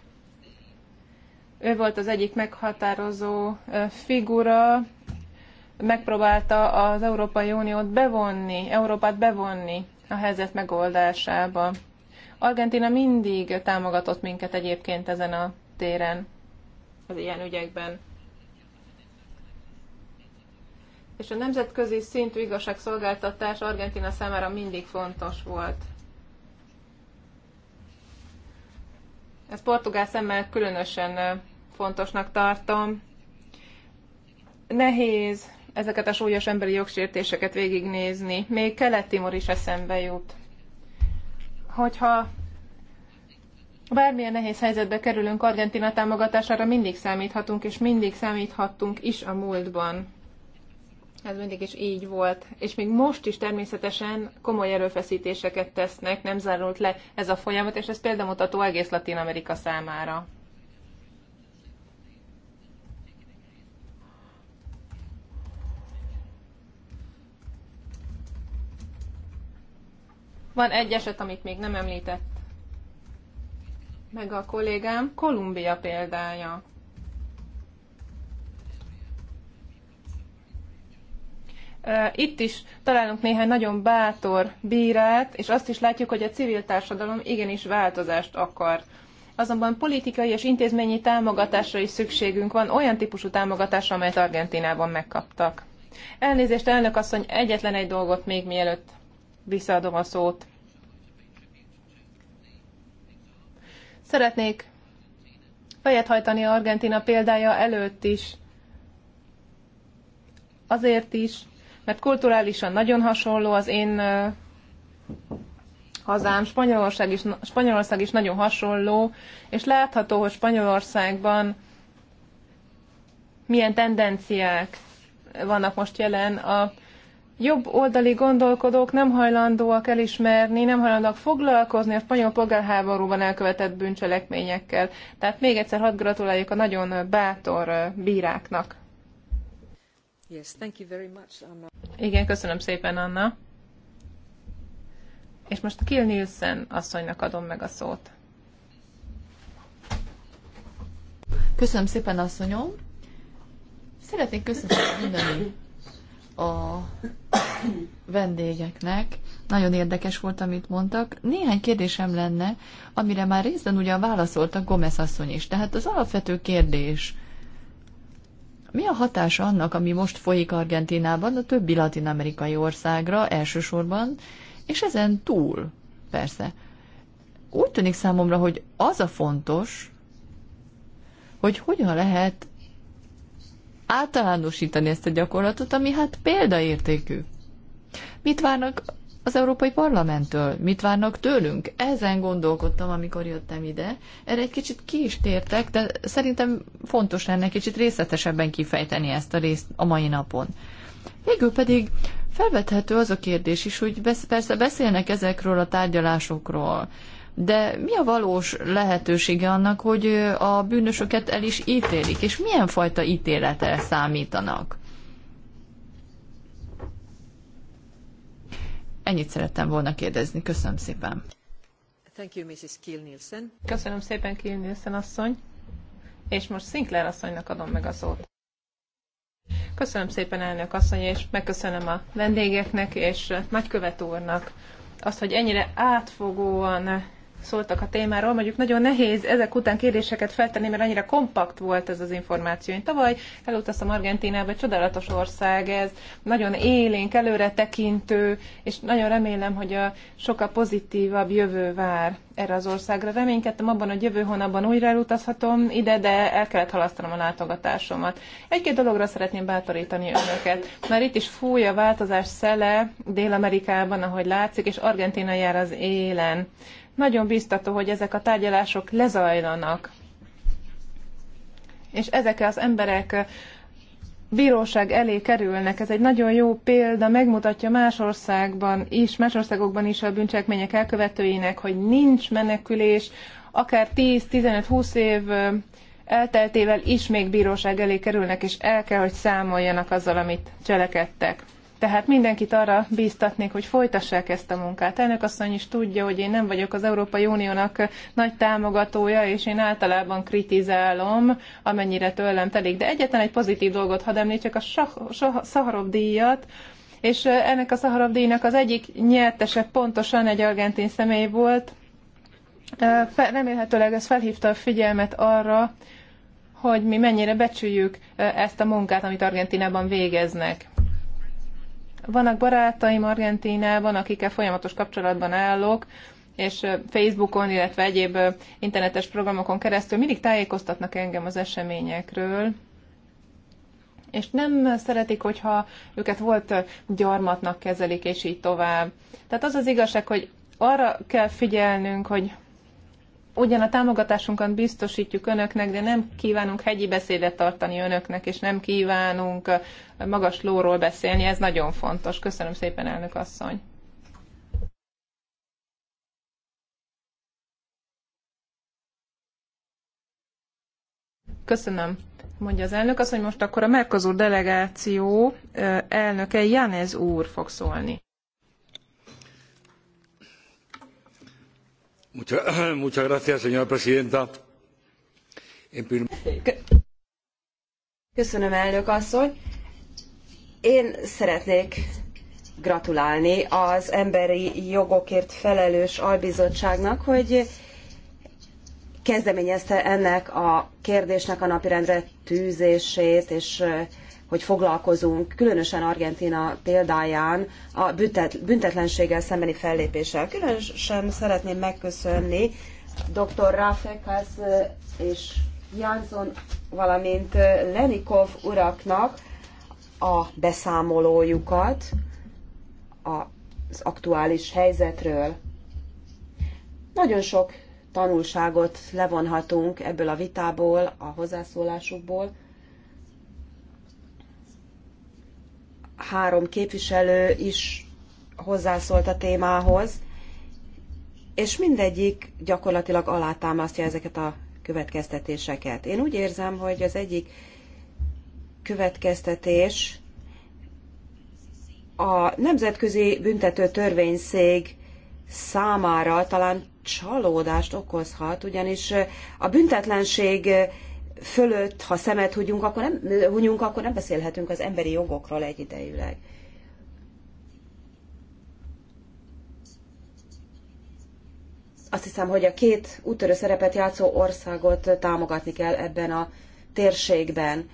ő volt az egyik meghatározó figura, megpróbálta az Európai Uniót bevonni, Európát bevonni a helyzet megoldásába. Argentina mindig támogatott minket egyébként ezen a téren, az ilyen ügyekben. És a nemzetközi szintű igazságszolgáltatás Argentina számára mindig fontos volt. Ez portugál szemmel különösen fontosnak tartom. Nehéz ezeket a súlyos emberi jogsértéseket végignézni. Még Kelet-Timor is eszembe jut. Hogyha bármilyen nehéz helyzetbe kerülünk Argentina támogatására, mindig számíthatunk, és mindig számíthattunk is a múltban. Ez mindig is így volt. És még most is természetesen komoly erőfeszítéseket tesznek, nem zárult le ez a folyamat, és ez példamutató egész Latin Amerika számára. Van egy eset, amit még nem említett meg a kollégám, Kolumbia példája. Itt is találunk néhány nagyon bátor bírát, és azt is látjuk, hogy a civil társadalom igenis változást akar. Azonban politikai és intézményi támogatásra is szükségünk van, olyan típusú támogatásra, amelyet Argentinában megkaptak. Elnézést, elnök asszony, egyetlen egy dolgot még mielőtt visszaadom a szót. Szeretnék fejet hajtani Argentina példája előtt is. Azért is, mert kulturálisan nagyon hasonló az én hazám, Spanyolország is, Spanyolország is nagyon hasonló, és látható, hogy Spanyolországban milyen tendenciák vannak most jelen a jobb oldali gondolkodók nem hajlandóak elismerni, nem hajlandóak foglalkozni a spanyol polgárháborúban elkövetett bűncselekményekkel. Tehát még egyszer hadd gratuláljuk a nagyon bátor bíráknak. Yes, thank you very much, Anna. Igen, köszönöm szépen, Anna. És most Kill Nielsen asszonynak adom meg a szót. Köszönöm szépen, asszonyom. Szeretnék köszönni mondani a vendégeknek. Nagyon érdekes volt, amit mondtak. Néhány kérdésem lenne, amire már részben ugyan válaszoltak Gomez asszony is. Tehát az alapvető kérdés, mi a hatása annak, ami most folyik Argentinában, a többi latin-amerikai országra elsősorban, és ezen túl, persze. Úgy tűnik számomra, hogy az a fontos, hogy hogyan lehet általánosítani ezt a gyakorlatot, ami hát példaértékű. Mit várnak az Európai Parlamenttől? Mit várnak tőlünk? Ezen gondolkodtam, amikor jöttem ide. Erre egy kicsit ki is tértek, de szerintem fontos lenne kicsit részletesebben kifejteni ezt a részt a mai napon. Végül pedig felvethető az a kérdés is, hogy persze beszélnek ezekről a tárgyalásokról, de mi a valós lehetősége annak, hogy a bűnösöket el is ítélik, és milyen fajta ítéletre számítanak? Ennyit szerettem volna kérdezni. Köszönöm szépen. Thank you, Mrs. Kiel Nielsen. Köszönöm szépen, Kiel Nielsen asszony. És most Sinclair asszonynak adom meg a szót. Köszönöm szépen, elnök asszony, és megköszönöm a vendégeknek és nagykövet úrnak azt, hogy ennyire átfogóan szóltak a témáról. Mondjuk nagyon nehéz ezek után kérdéseket feltenni, mert annyira kompakt volt ez az információ. Én tavaly elutaztam Argentinába, egy csodálatos ország ez, nagyon élénk, előre tekintő, és nagyon remélem, hogy a sokkal pozitívabb jövő vár erre az országra. Reménykedtem abban, hogy jövő hónapban újra elutazhatom ide, de el kellett halasztanom a látogatásomat. Egy-két dologra szeretném bátorítani önöket. Már itt is fúj a változás szele Dél-Amerikában, ahogy látszik, és Argentina jár az élen. Nagyon biztató, hogy ezek a tárgyalások lezajlanak. És ezek az emberek bíróság elé kerülnek. Ez egy nagyon jó példa, megmutatja más országban is, más országokban is a bűncselekmények elkövetőinek, hogy nincs menekülés, akár 10-15-20 év elteltével is még bíróság elé kerülnek, és el kell, hogy számoljanak azzal, amit cselekedtek. Tehát mindenkit arra bíztatnék, hogy folytassák ezt a munkát. Elnök asszony is tudja, hogy én nem vagyok az Európai Uniónak nagy támogatója, és én általában kritizálom, amennyire tőlem telik. De egyetlen egy pozitív dolgot hadd említsek, a Szaharov díjat, és ennek a Szaharov díjnak az egyik nyertese pontosan egy argentin személy volt. Remélhetőleg ez felhívta a figyelmet arra, hogy mi mennyire becsüljük ezt a munkát, amit Argentinában végeznek vannak barátaim Argentínában, akikkel folyamatos kapcsolatban állok, és Facebookon, illetve egyéb internetes programokon keresztül mindig tájékoztatnak engem az eseményekről, és nem szeretik, hogyha őket volt gyarmatnak kezelik, és így tovább. Tehát az az igazság, hogy arra kell figyelnünk, hogy ugyan a támogatásunkat biztosítjuk önöknek, de nem kívánunk hegyi beszédet tartani önöknek, és nem kívánunk magas lóról beszélni, ez nagyon fontos. Köszönöm szépen, elnök asszony! Köszönöm, mondja az elnök. Azt, hogy most akkor a Merkozur delegáció elnöke Janez úr fog szólni. Mucha, muchas señora presidenta. elnök asszony. Én szeretnék gratulálni az emberi jogokért felelős albizottságnak, hogy kezdeményezte ennek a kérdésnek a napirendre tűzését, és hogy foglalkozunk, különösen Argentina példáján a büntetlenséggel szembeni fellépéssel. Különösen szeretném megköszönni dr. Ráfekaz és Jánzon, valamint Lenikov uraknak a beszámolójukat az aktuális helyzetről. Nagyon sok tanulságot levonhatunk ebből a vitából, a hozzászólásukból. három képviselő is hozzászólt a témához, és mindegyik gyakorlatilag alátámasztja ezeket a következtetéseket. Én úgy érzem, hogy az egyik következtetés a Nemzetközi Büntető Törvényszég számára talán csalódást okozhat, ugyanis a büntetlenség fölött, ha szemet hunyunk, akkor nem, hunyunk, akkor nem beszélhetünk az emberi jogokról egyidejűleg. Azt hiszem, hogy a két úttörő szerepet játszó országot támogatni kell ebben a térségben,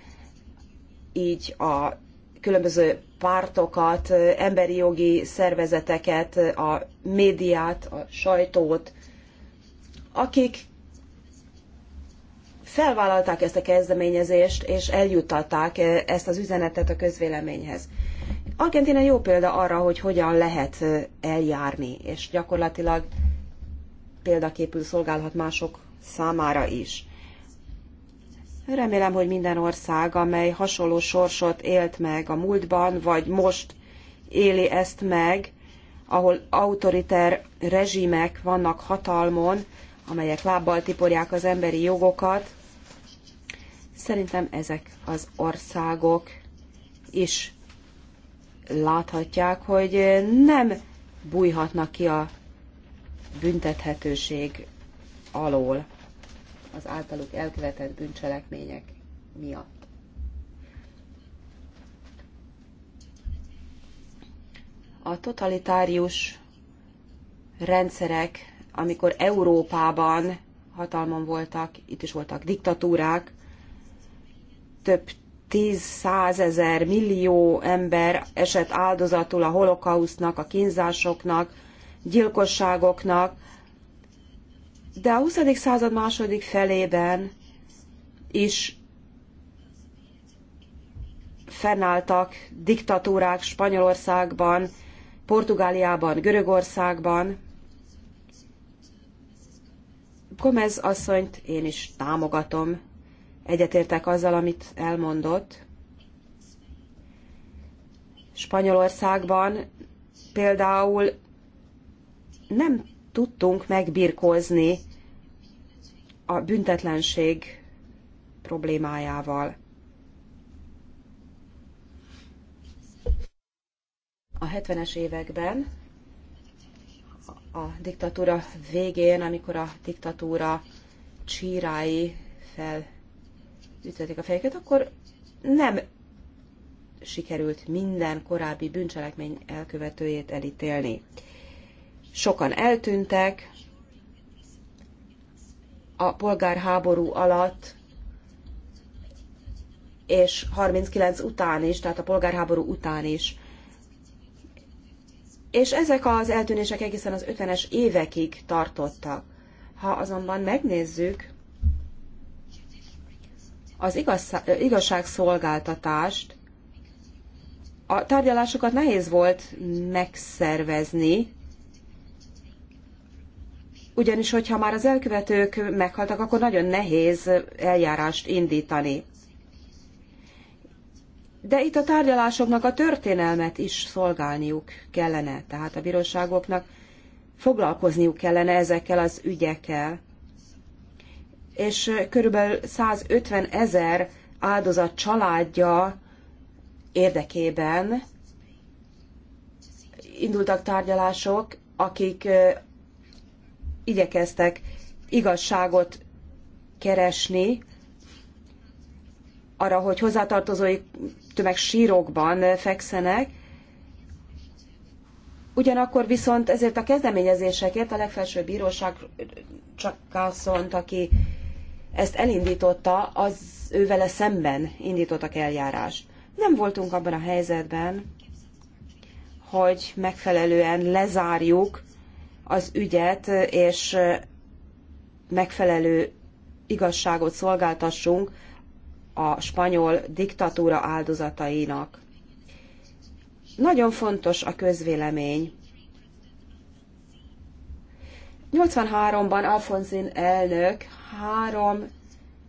így a különböző pártokat, emberi jogi szervezeteket, a médiát, a sajtót, akik felvállalták ezt a kezdeményezést, és eljuttatták eh, ezt az üzenetet a közvéleményhez. Argentina jó példa arra, hogy hogyan lehet eh, eljárni, és gyakorlatilag példaképül szolgálhat mások számára is. Remélem, hogy minden ország, amely hasonló sorsot élt meg a múltban, vagy most éli ezt meg, ahol autoriter rezsimek vannak hatalmon, amelyek lábbal tiporják az emberi jogokat, Szerintem ezek az országok is láthatják, hogy nem bújhatnak ki a büntethetőség alól az általuk elkövetett bűncselekmények miatt. A totalitárius rendszerek, amikor Európában hatalmon voltak, itt is voltak diktatúrák, több tíz, százezer, millió ember esett áldozatul a holokausznak, a kínzásoknak, gyilkosságoknak, de a 20. század második felében is fennálltak diktatúrák Spanyolországban, Portugáliában, Görögországban. Gomez asszonyt én is támogatom egyetértek azzal, amit elmondott. Spanyolországban például nem tudtunk megbirkózni a büntetlenség problémájával. A 70-es években, a diktatúra végén, amikor a diktatúra csírái fel ütötték a fejüket, akkor nem sikerült minden korábbi bűncselekmény elkövetőjét elítélni. Sokan eltűntek, a polgárháború alatt és 39 után is, tehát a polgárháború után is. És ezek az eltűnések egészen az 50-es évekig tartottak. Ha azonban megnézzük az igaz, igazságszolgáltatást, a tárgyalásokat nehéz volt megszervezni, ugyanis, hogyha már az elkövetők meghaltak, akkor nagyon nehéz eljárást indítani. De itt a tárgyalásoknak a történelmet is szolgálniuk kellene, tehát a bíróságoknak foglalkozniuk kellene ezekkel az ügyekkel és körülbelül 150 ezer áldozat családja érdekében indultak tárgyalások, akik igyekeztek igazságot keresni arra, hogy hozzátartozói tömeg sírokban fekszenek. Ugyanakkor viszont ezért a kezdeményezésekért a legfelsőbb bíróság csak azt aki ezt elindította, az ővele szemben indítottak eljárást. Nem voltunk abban a helyzetben, hogy megfelelően lezárjuk az ügyet, és megfelelő igazságot szolgáltassunk a spanyol diktatúra áldozatainak. Nagyon fontos a közvélemény. 83-ban Alfonzin elnök három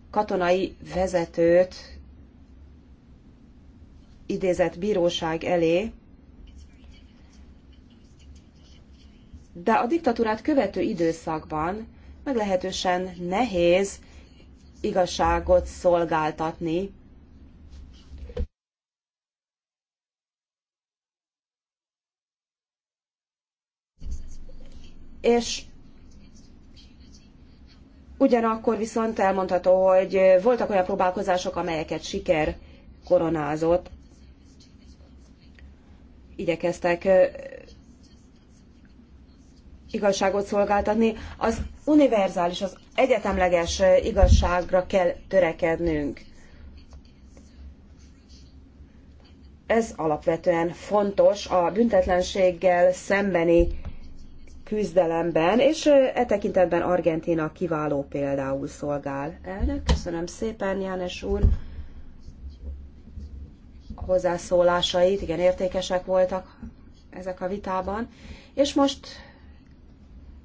katonai vezetőt idézett bíróság elé, de a diktatúrát követő időszakban meglehetősen nehéz igazságot szolgáltatni. És Ugyanakkor viszont elmondható, hogy voltak olyan próbálkozások, amelyeket siker koronázott. Igyekeztek igazságot szolgáltatni. Az univerzális, az egyetemleges igazságra kell törekednünk. Ez alapvetően fontos a büntetlenséggel szembeni küzdelemben, és e tekintetben Argentina kiváló például szolgál. Elnök, köszönöm szépen, János úr. A hozzászólásait, igen, értékesek voltak ezek a vitában. És most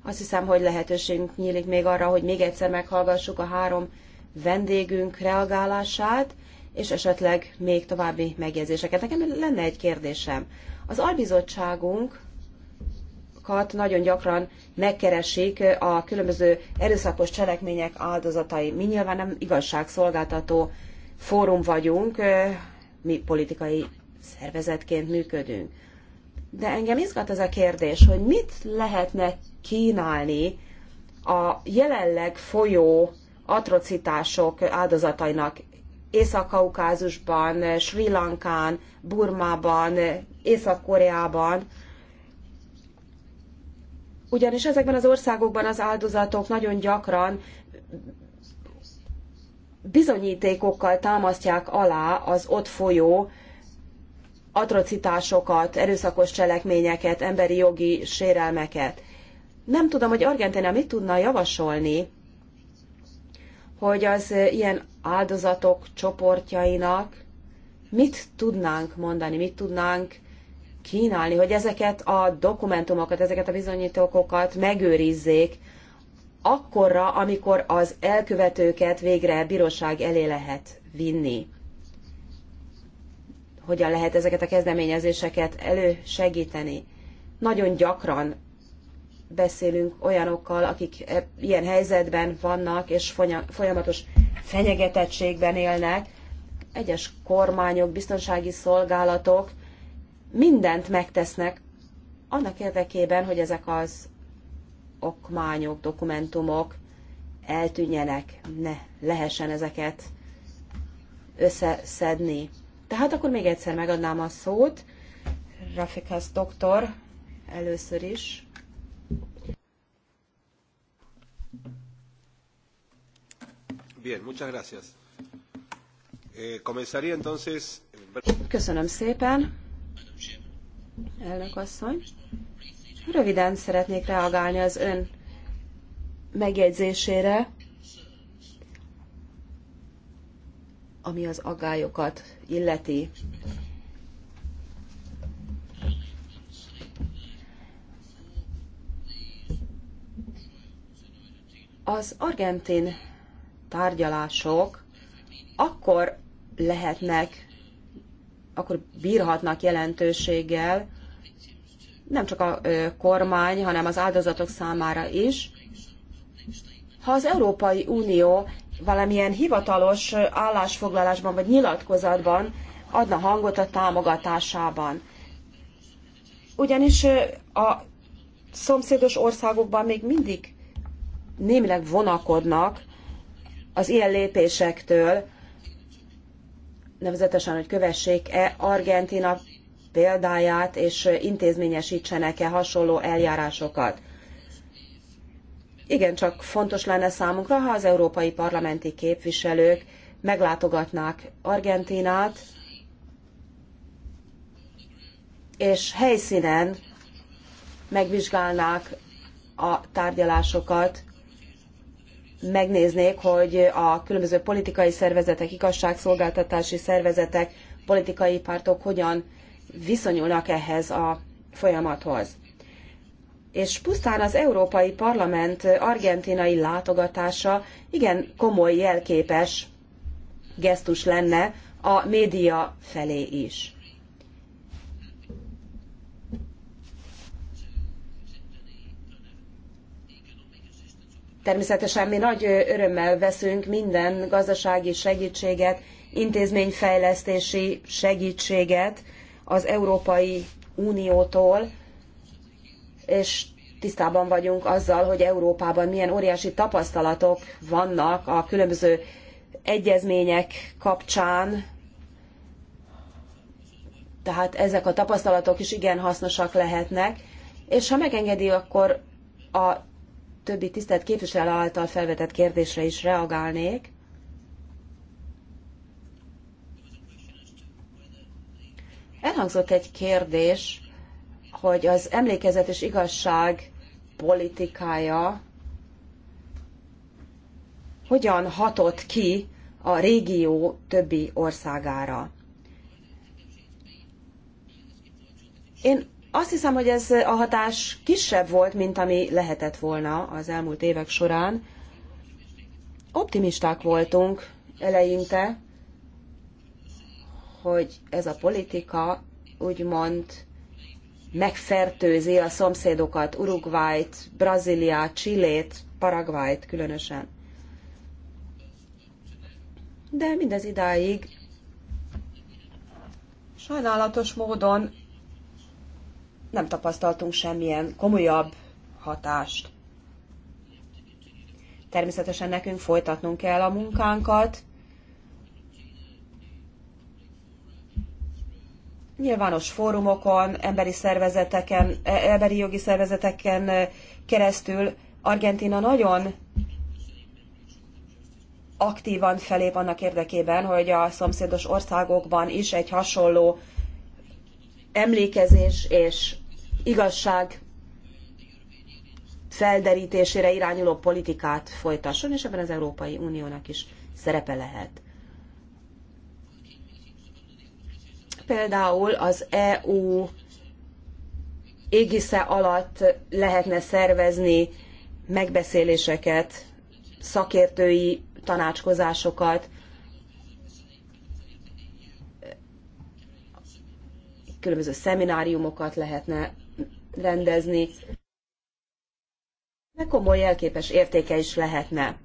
azt hiszem, hogy lehetőségünk nyílik még arra, hogy még egyszer meghallgassuk a három vendégünk reagálását, és esetleg még további megjegyzéseket. Nekem lenne egy kérdésem. Az albizottságunk áldozatokat nagyon gyakran megkeresik a különböző erőszakos cselekmények áldozatai. Mi nyilván nem igazságszolgáltató fórum vagyunk, mi politikai szervezetként működünk. De engem izgat ez a kérdés, hogy mit lehetne kínálni a jelenleg folyó atrocitások áldozatainak Észak-Kaukázusban, Sri Lankán, Burmában, Észak-Koreában, ugyanis ezekben az országokban az áldozatok nagyon gyakran bizonyítékokkal támasztják alá az ott folyó atrocitásokat, erőszakos cselekményeket, emberi jogi sérelmeket. Nem tudom, hogy Argentina mit tudna javasolni, hogy az ilyen áldozatok csoportjainak mit tudnánk mondani, mit tudnánk kínálni, hogy ezeket a dokumentumokat, ezeket a bizonyítókokat megőrizzék, akkorra, amikor az elkövetőket végre bíróság elé lehet vinni. Hogyan lehet ezeket a kezdeményezéseket elősegíteni? Nagyon gyakran beszélünk olyanokkal, akik e, ilyen helyzetben vannak, és folyamatos fenyegetettségben élnek. Egyes kormányok, biztonsági szolgálatok mindent megtesznek annak érdekében, hogy ezek az okmányok, dokumentumok eltűnjenek, ne lehessen ezeket összeszedni. Tehát akkor még egyszer megadnám a szót Rafikas doktor először is. Bien, muchas gracias. Eh, comenzaría entonces. Köszönöm szépen. Elnök asszony. Röviden szeretnék reagálni az ön megjegyzésére, ami az agályokat illeti. Az argentin tárgyalások akkor lehetnek akkor bírhatnak jelentőséggel, nem csak a kormány, hanem az áldozatok számára is. Ha az Európai Unió valamilyen hivatalos állásfoglalásban vagy nyilatkozatban adna hangot a támogatásában. Ugyanis a szomszédos országokban még mindig némileg vonakodnak az ilyen lépésektől, nevezetesen, hogy kövessék-e Argentina példáját, és intézményesítsenek-e hasonló eljárásokat. Igen, csak fontos lenne számunkra, ha az európai parlamenti képviselők meglátogatnák Argentinát, és helyszínen megvizsgálnák a tárgyalásokat, megnéznék, hogy a különböző politikai szervezetek, igazságszolgáltatási szervezetek, politikai pártok hogyan viszonyulnak ehhez a folyamathoz. És pusztán az Európai Parlament argentinai látogatása igen komoly jelképes gesztus lenne a média felé is. Természetesen mi nagy örömmel veszünk minden gazdasági segítséget, intézményfejlesztési segítséget az Európai Uniótól, és tisztában vagyunk azzal, hogy Európában milyen óriási tapasztalatok vannak a különböző egyezmények kapcsán, tehát ezek a tapasztalatok is igen hasznosak lehetnek, és ha megengedi, akkor a többi tisztelt képviselő által felvetett kérdésre is reagálnék. Elhangzott egy kérdés, hogy az emlékezet és igazság politikája hogyan hatott ki a régió többi országára. Én azt hiszem, hogy ez a hatás kisebb volt, mint ami lehetett volna az elmúlt évek során. Optimisták voltunk eleinte, hogy ez a politika úgymond megfertőzi a szomszédokat, Uruguayt, Brazíliát, Csillét, Paraguayt különösen. De mindez idáig sajnálatos módon nem tapasztaltunk semmilyen komolyabb hatást. Természetesen nekünk folytatnunk kell a munkánkat. Nyilvános fórumokon, emberi szervezeteken, e, emberi jogi szervezeteken e, keresztül Argentina nagyon aktívan felép annak érdekében, hogy a szomszédos országokban is egy hasonló emlékezés és igazság felderítésére irányuló politikát folytasson, és ebben az Európai Uniónak is szerepe lehet. Például az EU égisze alatt lehetne szervezni megbeszéléseket, szakértői tanácskozásokat, különböző szemináriumokat lehetne rendezni, de komoly jelképes értéke is lehetne.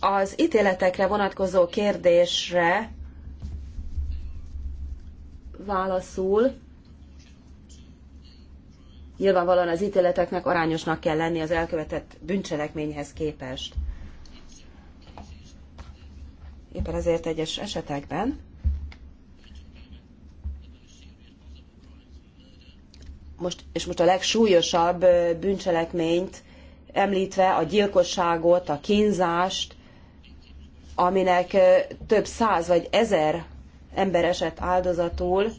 Az ítéletekre vonatkozó kérdésre válaszul, nyilvánvalóan az ítéleteknek arányosnak kell lenni az elkövetett bűncselekményhez képest. Éppen ezért egyes esetekben most, és most a legsúlyosabb bűncselekményt említve a gyilkosságot, a kínzást, aminek több száz vagy ezer ember esett áldozatul,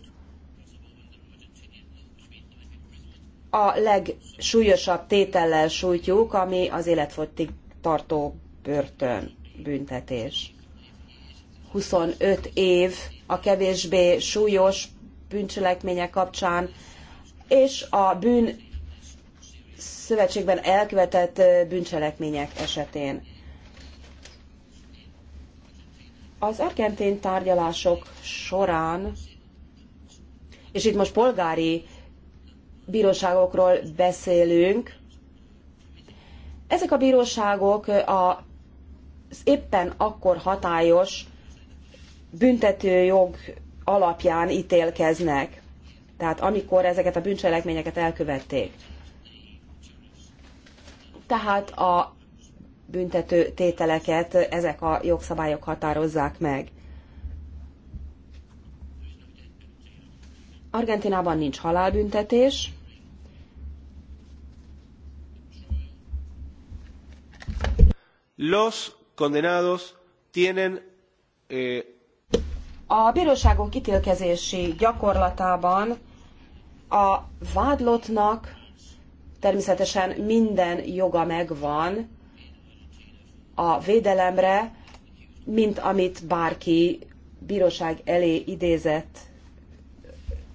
a legsúlyosabb tétellel sújtjuk, ami az életfogytig tartó börtön büntetés. 25 év a kevésbé súlyos bűncselekmények kapcsán, és a bűn szövetségben elkövetett bűncselekmények esetén. Az argentin tárgyalások során, és itt most polgári bíróságokról beszélünk, ezek a bíróságok az éppen akkor hatályos büntetőjog alapján ítélkeznek. Tehát amikor ezeket a bűncselekményeket elkövették. Tehát a büntető tételeket ezek a jogszabályok határozzák meg. Argentinában nincs halálbüntetés. Los condenados tienen eh, a bíróságok ítélkezési gyakorlatában a vádlottnak természetesen minden joga megvan a védelemre, mint amit bárki bíróság elé idézett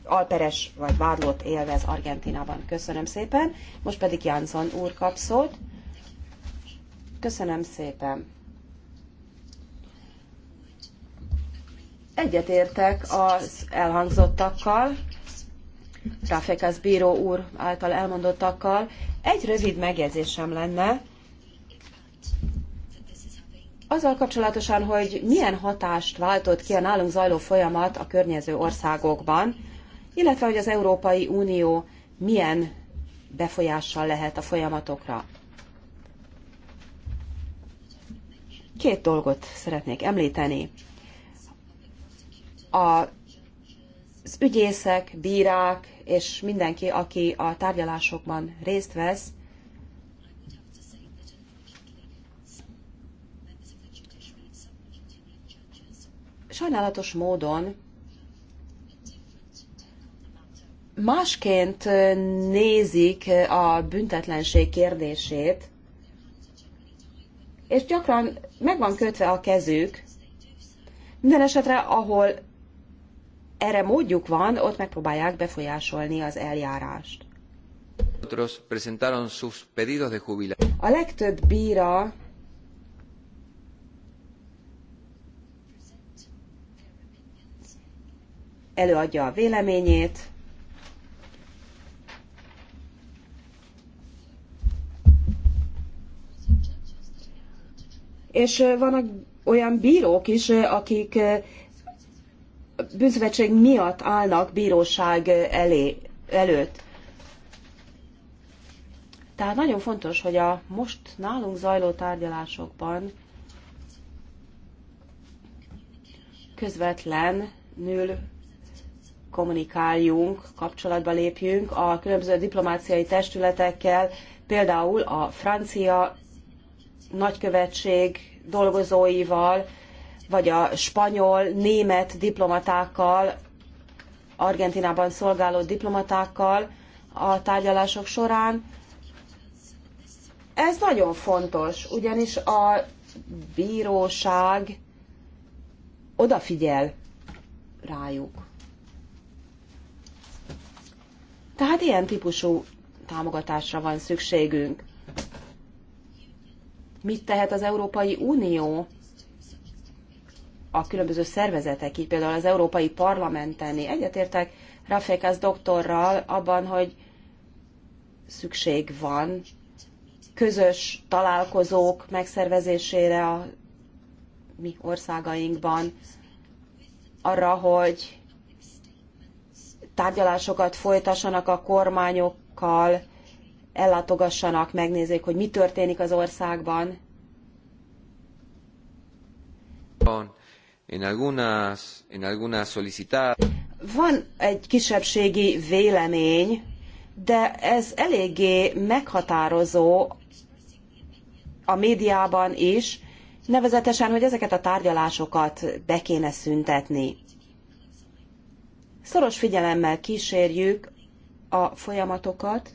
alperes vagy vádlott élvez Argentinában. Köszönöm szépen. Most pedig Jánzon úr kap szót. Köszönöm szépen. Egyetértek az elhangzottakkal, Rafekas bíró úr által elmondottakkal. Egy rövid megjegyzésem lenne, azzal kapcsolatosan, hogy milyen hatást váltott ki a nálunk zajló folyamat a környező országokban, illetve hogy az Európai Unió milyen befolyással lehet a folyamatokra. Két dolgot szeretnék említeni az ügyészek, bírák és mindenki, aki a tárgyalásokban részt vesz, sajnálatos módon másként nézik a büntetlenség kérdését, és gyakran meg van kötve a kezük, minden esetre, ahol erre módjuk van, ott megpróbálják befolyásolni az eljárást. A legtöbb bíra előadja a véleményét, és vannak olyan bírók is, akik bűnszövetség miatt állnak bíróság elé, előtt. Tehát nagyon fontos, hogy a most nálunk zajló tárgyalásokban közvetlenül kommunikáljunk, kapcsolatba lépjünk a különböző diplomáciai testületekkel, például a francia nagykövetség dolgozóival, vagy a spanyol, német diplomatákkal, Argentinában szolgáló diplomatákkal a tárgyalások során. Ez nagyon fontos, ugyanis a bíróság odafigyel rájuk. Tehát ilyen típusú támogatásra van szükségünk. Mit tehet az Európai Unió a különböző szervezetek, így például az Európai Parlamenten. Egyetértek Rafekas doktorral abban, hogy szükség van közös találkozók megszervezésére a mi országainkban, arra, hogy tárgyalásokat folytassanak a kormányokkal, ellátogassanak, megnézzék, hogy mi történik az országban en algunas, en algunas Van egy kisebbségi vélemény, de ez eléggé meghatározó a médiában is, nevezetesen, hogy ezeket a tárgyalásokat be kéne szüntetni. Szoros figyelemmel kísérjük a folyamatokat,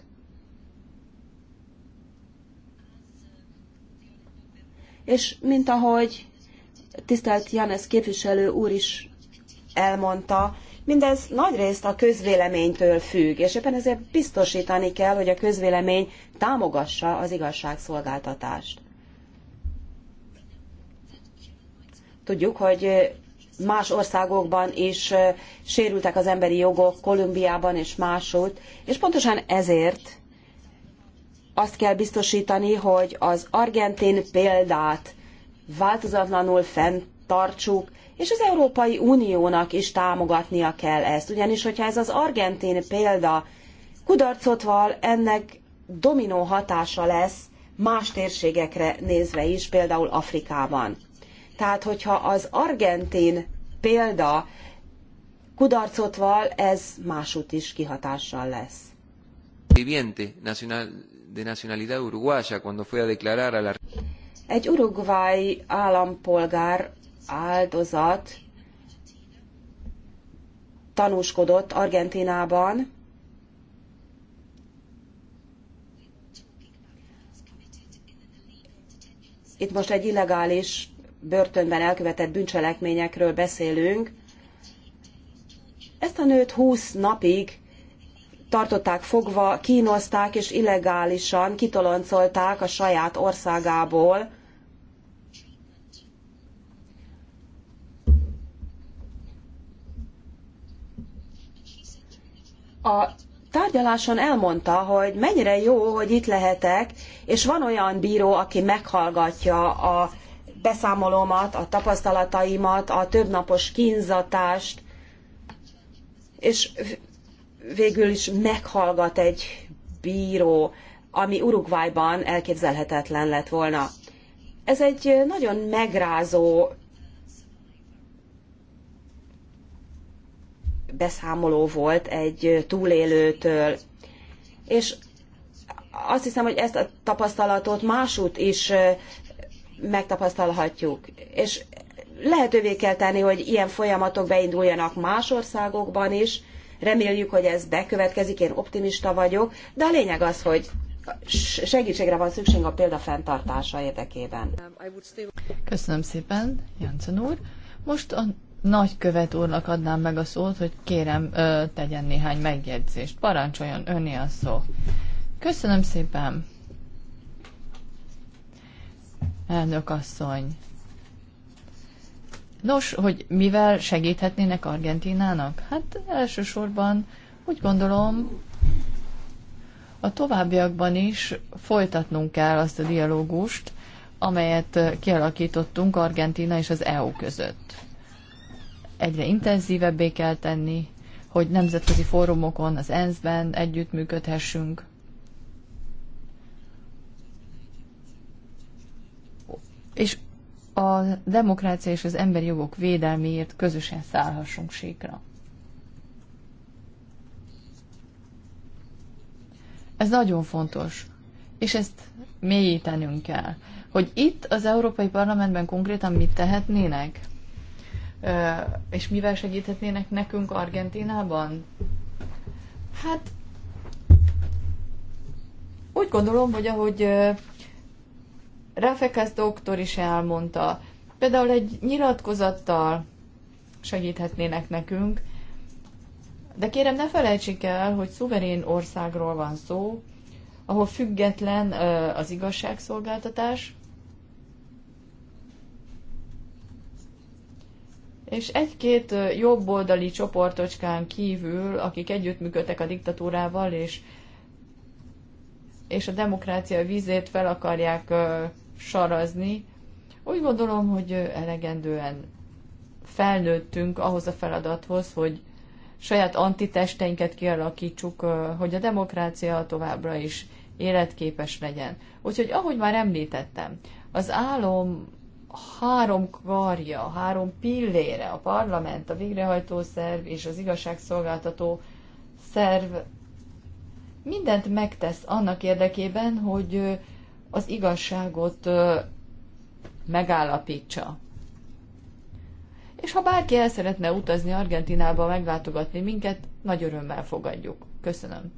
és mint ahogy tisztelt Janes képviselő úr is elmondta, mindez nagyrészt a közvéleménytől függ, és éppen ezért biztosítani kell, hogy a közvélemény támogassa az igazságszolgáltatást. Tudjuk, hogy más országokban is sérültek az emberi jogok, Kolumbiában és máshogy, és pontosan ezért azt kell biztosítani, hogy az argentin példát változatlanul fenntartsuk, és az Európai Uniónak is támogatnia kell ezt. Ugyanis, hogyha ez az argentin példa kudarcot val, ennek dominó hatása lesz más térségekre nézve is, például Afrikában. Tehát, hogyha az argentin példa kudarcot val, ez másút is kihatással lesz. Viviente nacional, de nacionalidad uruguaya cuando fue a declarar a la egy urugvái állampolgár áldozat tanúskodott Argentinában, Itt most egy illegális börtönben elkövetett bűncselekményekről beszélünk. Ezt a nőt 20 napig tartották fogva, kínozták és illegálisan kitoloncolták a saját országából. A tárgyaláson elmondta, hogy mennyire jó, hogy itt lehetek, és van olyan bíró, aki meghallgatja a beszámolómat, a tapasztalataimat, a többnapos kínzatást, és végül is meghallgat egy bíró, ami Uruguayban elképzelhetetlen lett volna. Ez egy nagyon megrázó beszámoló volt egy túlélőtől, és azt hiszem, hogy ezt a tapasztalatot másút is megtapasztalhatjuk. És lehetővé kell tenni, hogy ilyen folyamatok beinduljanak más országokban is, Reméljük, hogy ez bekövetkezik, én optimista vagyok, de a lényeg az, hogy segítségre van szükség a példa fenntartása érdekében. Köszönöm szépen, Jansen úr. Most a nagykövet úrnak adnám meg a szót, hogy kérem, tegyen néhány megjegyzést. Parancsoljon, öné a szó. Köszönöm szépen. Elnök asszony, Nos, hogy mivel segíthetnének Argentinának? Hát elsősorban úgy gondolom, a továbbiakban is folytatnunk kell azt a dialógust, amelyet kialakítottunk Argentina és az EU között. Egyre intenzívebbé kell tenni, hogy nemzetközi fórumokon, az ENSZ-ben együttműködhessünk. És a demokrácia és az emberi jogok védelméért közösen szállhassunk síkra. Ez nagyon fontos, és ezt mélyítenünk kell. Hogy itt az Európai Parlamentben konkrétan mit tehetnének? és mivel segíthetnének nekünk Argentinában? Hát úgy gondolom, hogy ahogy Rafekesz doktor is elmondta, például egy nyilatkozattal segíthetnének nekünk, de kérem, ne felejtsék el, hogy szuverén országról van szó, ahol független az igazságszolgáltatás, és egy-két jobboldali csoportocskán kívül, akik együttműködtek a diktatúrával, és, és a demokrácia vízét fel akarják sarazni. Úgy gondolom, hogy elegendően felnőttünk ahhoz a feladathoz, hogy saját antitesteinket kialakítsuk, hogy a demokrácia továbbra is életképes legyen. Úgyhogy, ahogy már említettem, az álom három karja, három pillére, a parlament, a végrehajtó szerv és az igazságszolgáltató szerv mindent megtesz annak érdekében, hogy az igazságot megállapítsa. És ha bárki el szeretne utazni Argentinába meglátogatni minket, nagy örömmel fogadjuk. Köszönöm.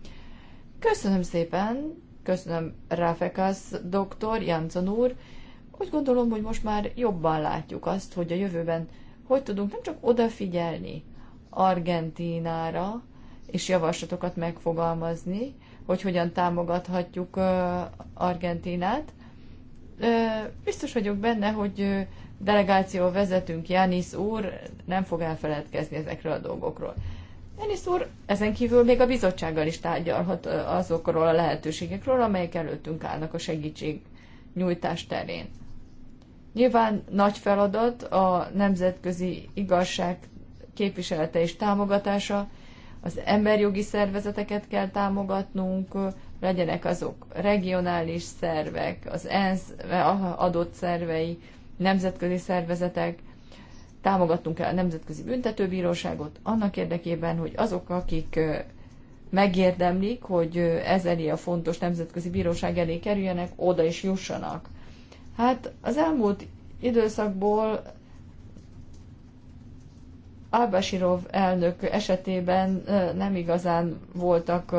Köszönöm szépen, köszönöm Ráfekas doktor, Jancon úr. Úgy gondolom, hogy most már jobban látjuk azt, hogy a jövőben hogy tudunk nem csak odafigyelni Argentinára, és javaslatokat megfogalmazni, hogy hogyan támogathatjuk Argentinát. Biztos vagyok benne, hogy delegáció vezetünk Janis úr nem fog elfeledkezni ezekről a dolgokról. Janis úr ezen kívül még a bizottsággal is tárgyalhat azokról a lehetőségekről, amelyek előttünk állnak a segítség nyújtás terén. Nyilván nagy feladat a nemzetközi igazság képviselete és támogatása, az emberjogi szervezeteket kell támogatnunk, legyenek azok regionális szervek, az ENSZ adott szervei, nemzetközi szervezetek, támogatnunk kell a Nemzetközi Büntetőbíróságot annak érdekében, hogy azok, akik megérdemlik, hogy ez elé a fontos nemzetközi bíróság elé kerüljenek, oda is jussanak. Hát az elmúlt időszakból Albasirov elnök esetében nem igazán voltak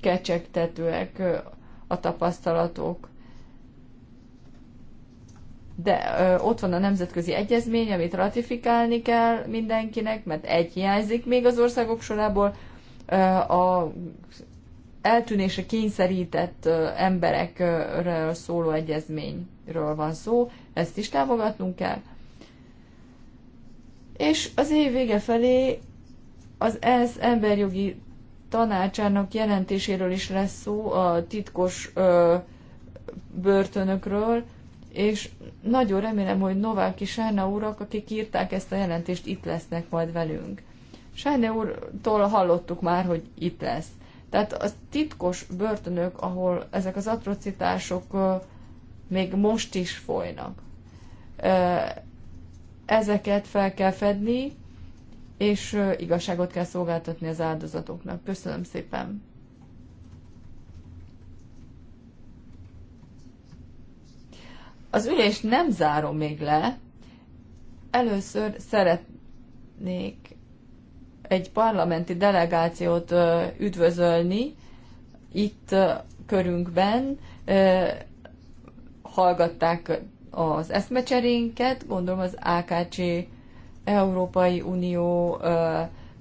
kecsegtetőek a tapasztalatok. De ott van a nemzetközi egyezmény, amit ratifikálni kell mindenkinek, mert egy hiányzik még az országok sorából. a eltűnése kényszerített emberekről szóló egyezményről van szó, ezt is támogatnunk kell és az év vége felé az ENSZ emberjogi tanácsának jelentéséről is lesz szó a titkos ö, börtönökről, és nagyon remélem, hogy Novák és Sárna urak, akik írták ezt a jelentést, itt lesznek majd velünk. Sárna úrtól hallottuk már, hogy itt lesz. Tehát a titkos börtönök, ahol ezek az atrocitások ö, még most is folynak. Ö, Ezeket fel kell fedni, és igazságot kell szolgáltatni az áldozatoknak. Köszönöm szépen! Az ülést nem zárom még le. Először szeretnék egy parlamenti delegációt üdvözölni itt körünkben. Hallgatták az eszmecserénket, gondolom az AKC Európai Unió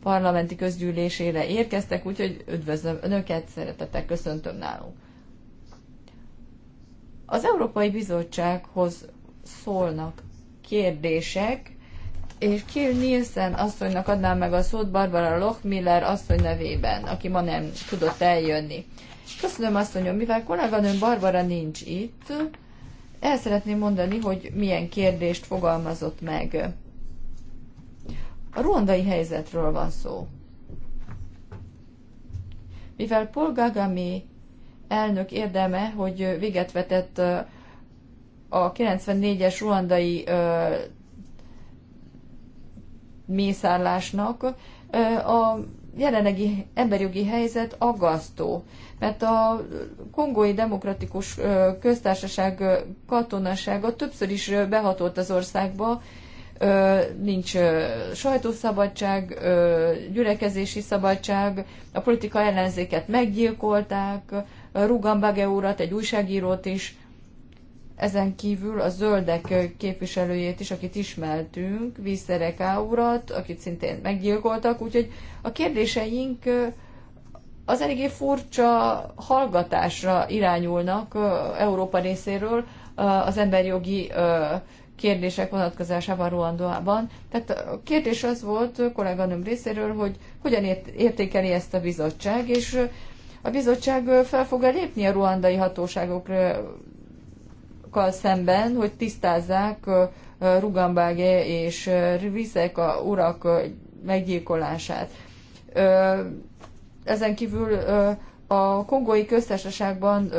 parlamenti közgyűlésére érkeztek, úgyhogy üdvözlöm Önöket, szeretettel köszöntöm nálunk. Az Európai Bizottsághoz szólnak kérdések, és Kill Nielsen asszonynak adnám meg a szót Barbara Lochmiller asszony nevében, aki ma nem tudott eljönni. Köszönöm asszonyom, mivel kolléganőm Barbara nincs itt, el szeretném mondani, hogy milyen kérdést fogalmazott meg. A ruandai helyzetről van szó. Mivel Paul Gagami elnök érdeme, hogy véget vetett a 94-es ruandai mészárlásnak, a jelenlegi emberjogi helyzet aggasztó, mert a kongói demokratikus köztársaság katonasága többször is behatolt az országba, nincs sajtószabadság, gyülekezési szabadság, a politika ellenzéket meggyilkolták, Rugan Bage urat, egy újságírót is, ezen kívül a zöldek képviselőjét is, akit ismertünk, vízterek Áurat, akit szintén meggyilkoltak, úgyhogy a kérdéseink az eléggé furcsa hallgatásra irányulnak Európa részéről az emberjogi kérdések vonatkozásában Ruandóában. Tehát a kérdés az volt kolléganőm részéről, hogy hogyan értékeli ezt a bizottság, és a bizottság fel fog -e lépni a ruandai hatóságok azokkal szemben, hogy tisztázzák Rugambáge és Viszek a urak meggyilkolását. Ezen kívül a kongói köztársaságban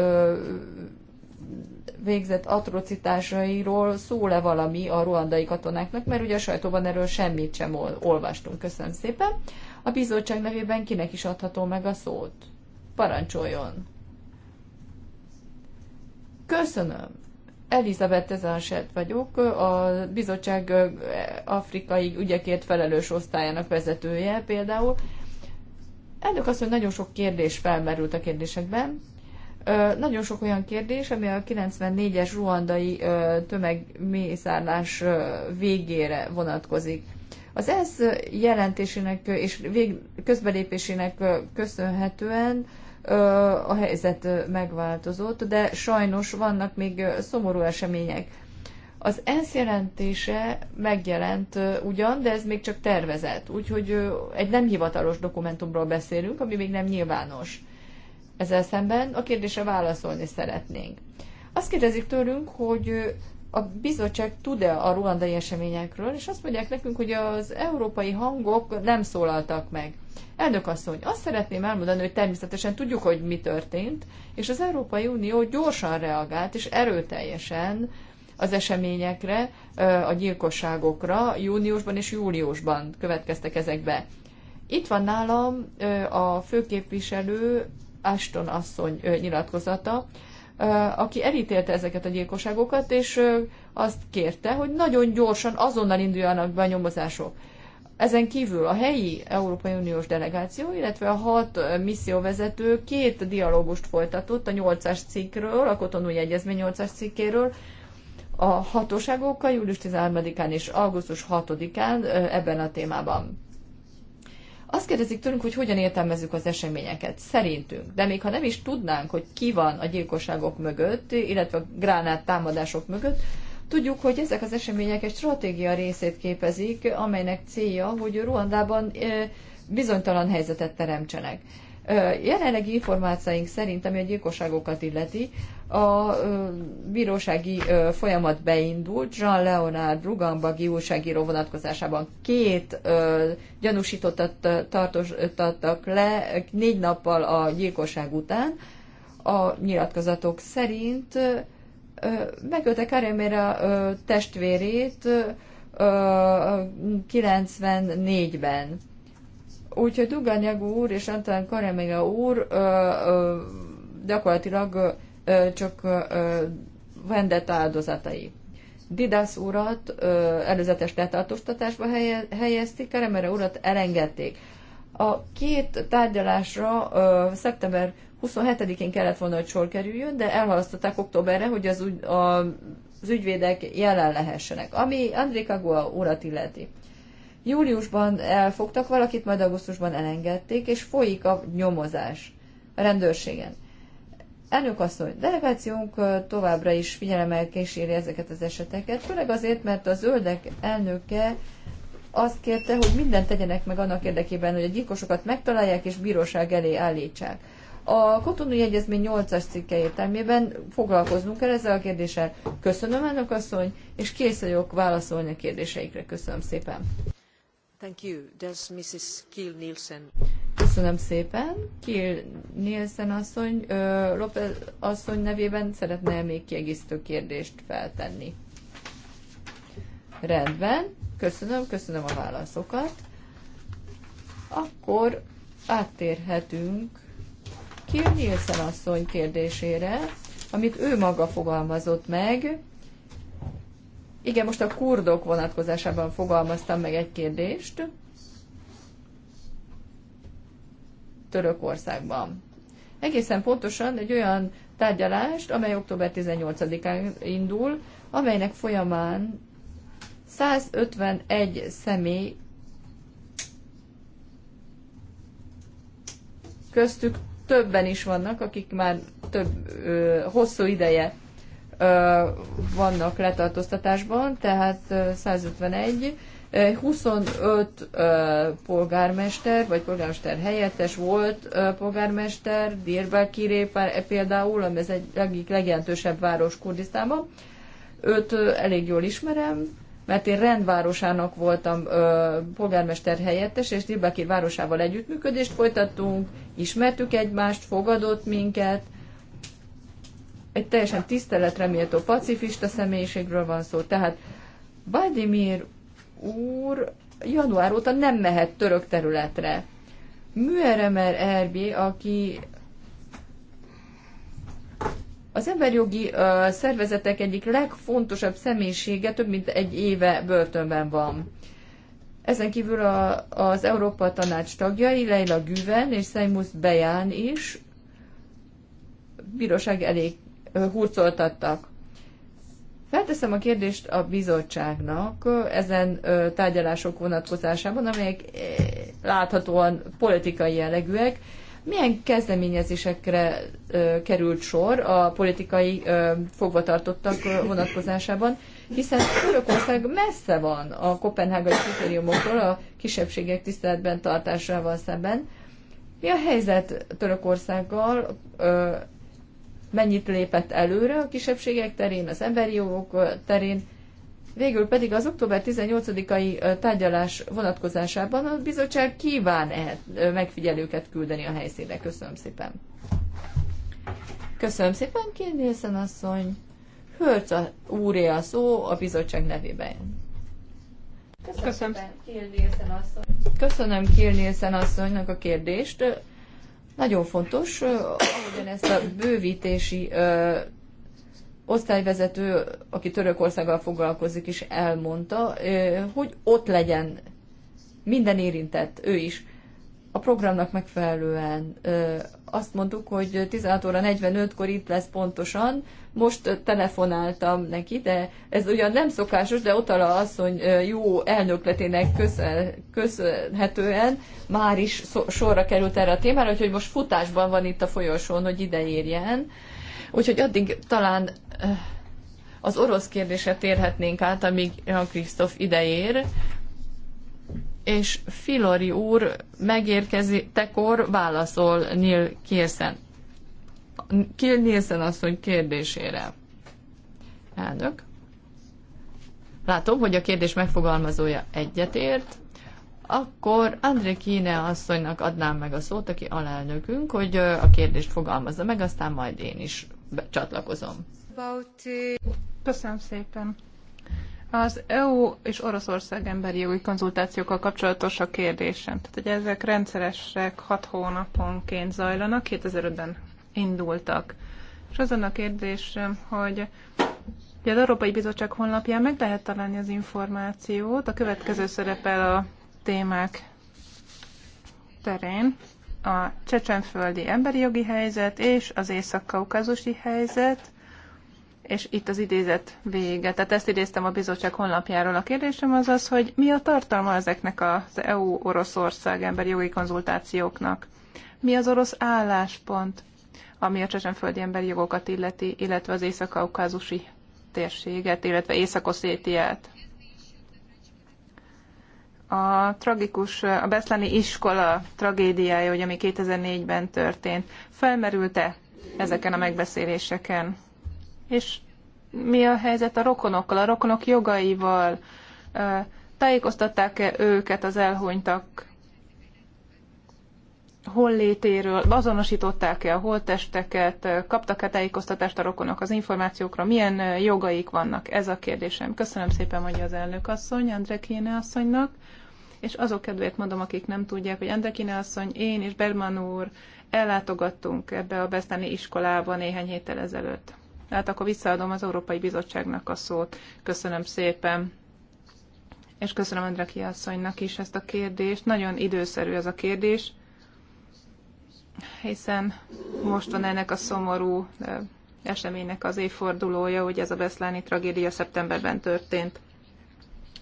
végzett atrocitásairól szól-e valami a ruandai katonáknak, mert ugye a sajtóban erről semmit sem olvastunk. Köszönöm szépen. A bizottság nevében kinek is adható meg a szót? Parancsoljon! Köszönöm! Elizabeth Ezanset vagyok, a bizottság afrikai ügyekért felelős osztályának vezetője például. Elnök azt, hogy nagyon sok kérdés felmerült a kérdésekben. Nagyon sok olyan kérdés, ami a 94-es ruandai tömegmészárlás végére vonatkozik. Az ENSZ jelentésének és vég, közbelépésének köszönhetően a helyzet megváltozott, de sajnos vannak még szomorú események. Az ENSZ jelentése megjelent ugyan, de ez még csak tervezett, úgyhogy egy nem hivatalos dokumentumról beszélünk, ami még nem nyilvános. Ezzel szemben a kérdése válaszolni szeretnénk. Azt kérdezik tőlünk, hogy a bizottság tud-e a ruandai eseményekről, és azt mondják nekünk, hogy az európai hangok nem szólaltak meg. Elnök asszony, azt szeretném elmondani, hogy természetesen tudjuk, hogy mi történt, és az Európai Unió gyorsan reagált, és erőteljesen az eseményekre, a gyilkosságokra júniusban és júliusban következtek ezek be. Itt van nálam a főképviselő Ashton asszony nyilatkozata, aki elítélte ezeket a gyilkosságokat, és azt kérte, hogy nagyon gyorsan, azonnal induljanak be a nyomozások. Ezen kívül a helyi Európai Uniós delegáció, illetve a hat misszióvezető két dialógust folytatott a nyolcas cikkről, a Kotonúi Egyezmény nyolcas cikkéről, a hatóságokkal július 13-án és augusztus 6-án ebben a témában. Azt kérdezik tőlünk, hogy hogyan értelmezzük az eseményeket, szerintünk. De még ha nem is tudnánk, hogy ki van a gyilkosságok mögött, illetve a gránát támadások mögött, tudjuk, hogy ezek az események egy stratégia részét képezik, amelynek célja, hogy Ruandában bizonytalan helyzetet teremtsenek. Jelenlegi információink szerint, ami a gyilkosságokat illeti, a bírósági folyamat beindult, Jean Leonard Rugambagi újságíró vonatkozásában két gyanúsítottat tartottak le négy nappal a gyilkosság után. A nyilatkozatok szerint megölte Karimera testvérét 94-ben. Úgyhogy Duganyag úr és Antán Karemega úr gyakorlatilag csak vendett áldozatai. Didász urat előzetes letartóztatásba helyezték, Keremere urat elengedték. A két tárgyalásra szeptember 27-én kellett volna, hogy sor kerüljön, de elhalasztották októberre, hogy az, ügy, a, az ügyvédek jelen lehessenek, ami André Kagua urat illeti. Júliusban elfogtak valakit, majd augusztusban elengedték, és folyik a nyomozás a rendőrségen. Elnök asszony, delegációnk továbbra is figyelemmel kíséri ezeket az eseteket, főleg azért, mert a zöldek elnöke azt kérte, hogy mindent tegyenek meg annak érdekében, hogy a gyilkosokat megtalálják és bíróság elé állítsák. A Kotonui Egyezmény 8-as cikke értelmében foglalkoznunk kell ezzel a kérdéssel. Köszönöm, elnök asszony, és kész vagyok válaszolni a kérdéseikre. Köszönöm szépen. Thank you. Does Mrs. Kiel Nielsen... Köszönöm szépen. Kiel Nielsen asszony, ö, López asszony nevében szeretne még kiegészítő kérdést feltenni. Rendben, köszönöm, köszönöm a válaszokat. Akkor áttérhetünk Kiel Nielsen asszony kérdésére, amit ő maga fogalmazott meg, igen, most a kurdok vonatkozásában fogalmaztam meg egy kérdést. Törökországban. Egészen pontosan egy olyan tárgyalást, amely október 18-án indul, amelynek folyamán 151 személy köztük többen is vannak, akik már több ö, hosszú ideje vannak letartóztatásban, tehát 151, 25 polgármester, vagy polgármester helyettes volt polgármester, Dirbel-Kiré e, például, ami ez egy egyik legjelentősebb város Kurdisztánban. Őt elég jól ismerem, mert én rendvárosának voltam ö, polgármester helyettes, és Dirbekir városával együttműködést folytattunk, ismertük egymást, fogadott minket, egy teljesen tiszteletreméltó pacifista személyiségről van szó. Tehát Vladimir úr január óta nem mehet török területre. Műeremer Erbi, aki az emberjogi uh, szervezetek egyik legfontosabb személyisége több mint egy éve börtönben van. Ezen kívül a, az Európa Tanács tagjai, Leila Güven és Seimus Beján is bíróság elé hurcoltattak. Felteszem a kérdést a bizottságnak ezen tárgyalások vonatkozásában, amelyek láthatóan politikai jellegűek. Milyen kezdeményezésekre került sor a politikai fogvatartottak vonatkozásában, hiszen Törökország messze van a kopenhágai kritériumoktól a kisebbségek tiszteletben tartásával szemben. Mi a helyzet Törökországgal mennyit lépett előre a kisebbségek terén, az emberi jogok terén, végül pedig az október 18-ai tárgyalás vonatkozásában a bizottság kíván -e megfigyelőket küldeni a helyszínre. Köszönöm szépen. Köszönöm szépen, Kérdészen asszony. Hölc a úré a szó a bizottság nevében. Köszönöm, Köszönöm. Kérdészen asszony. Köszönöm Kérdészen asszonynak a kérdést. Nagyon fontos, ahogyan ezt a bővítési osztályvezető, aki Törökországgal foglalkozik is elmondta, hogy ott legyen minden érintett, ő is. A programnak megfelelően azt mondtuk, hogy 16 óra 45-kor itt lesz pontosan, most telefonáltam neki, de ez ugyan nem szokásos, de Otala asszony jó elnökletének köszönhetően már is sorra került erre a témára, úgyhogy most futásban van itt a folyosón, hogy ide érjen. Úgyhogy addig talán az orosz kérdésre térhetnénk át, amíg Jan Krisztof ideér, és Filori úr tekor válaszol Neil Kérsen. Kill Nielsen asszony kérdésére. Elnök. Látom, hogy a kérdés megfogalmazója egyetért. Akkor André Kine asszonynak adnám meg a szót, aki alelnökünk, hogy a kérdést fogalmazza meg, aztán majd én is csatlakozom. Köszönöm szépen. Az EU és Oroszország emberi jogi konzultációkkal kapcsolatos a kérdésem. Tehát, hogy ezek rendszeresek hat hónaponként zajlanak, 2005-ben indultak. És azon a kérdés, hogy ugye az Európai Bizottság honlapján meg lehet találni az információt, a következő szerepel a témák terén a csecsenföldi emberi jogi helyzet és az észak-kaukázusi helyzet, és itt az idézet vége. Tehát ezt idéztem a bizottság honlapjáról. A kérdésem az az, hogy mi a tartalma ezeknek az EU-Oroszország emberi jogi konzultációknak? Mi az orosz álláspont? ami a csecsenföldi emberi jogokat illeti, illetve az észak-kaukázusi térséget, illetve Észak-Oszétiát. A tragikus, a Beszleni iskola tragédiája, ugye, ami 2004-ben történt, felmerült-e ezeken a megbeszéléseken? És mi a helyzet a rokonokkal, a rokonok jogaival? Tájékoztatták-e őket az elhunytak hollétéről, azonosították-e a holttesteket, kaptak-e tájékoztatást a rokonok az információkra, milyen jogaik vannak, ez a kérdésem. Köszönöm szépen, hogy az elnök asszony, André Kéne asszonynak, és azok kedvéért mondom, akik nem tudják, hogy André Kéne asszony, én és Berman úr ellátogattunk ebbe a Besztáni iskolába néhány héttel ezelőtt. Tehát akkor visszaadom az Európai Bizottságnak a szót. Köszönöm szépen. És köszönöm Andreki asszonynak is ezt a kérdést. Nagyon időszerű ez a kérdés hiszen most van ennek a szomorú eseménynek az évfordulója, hogy ez a Beszláni tragédia szeptemberben történt.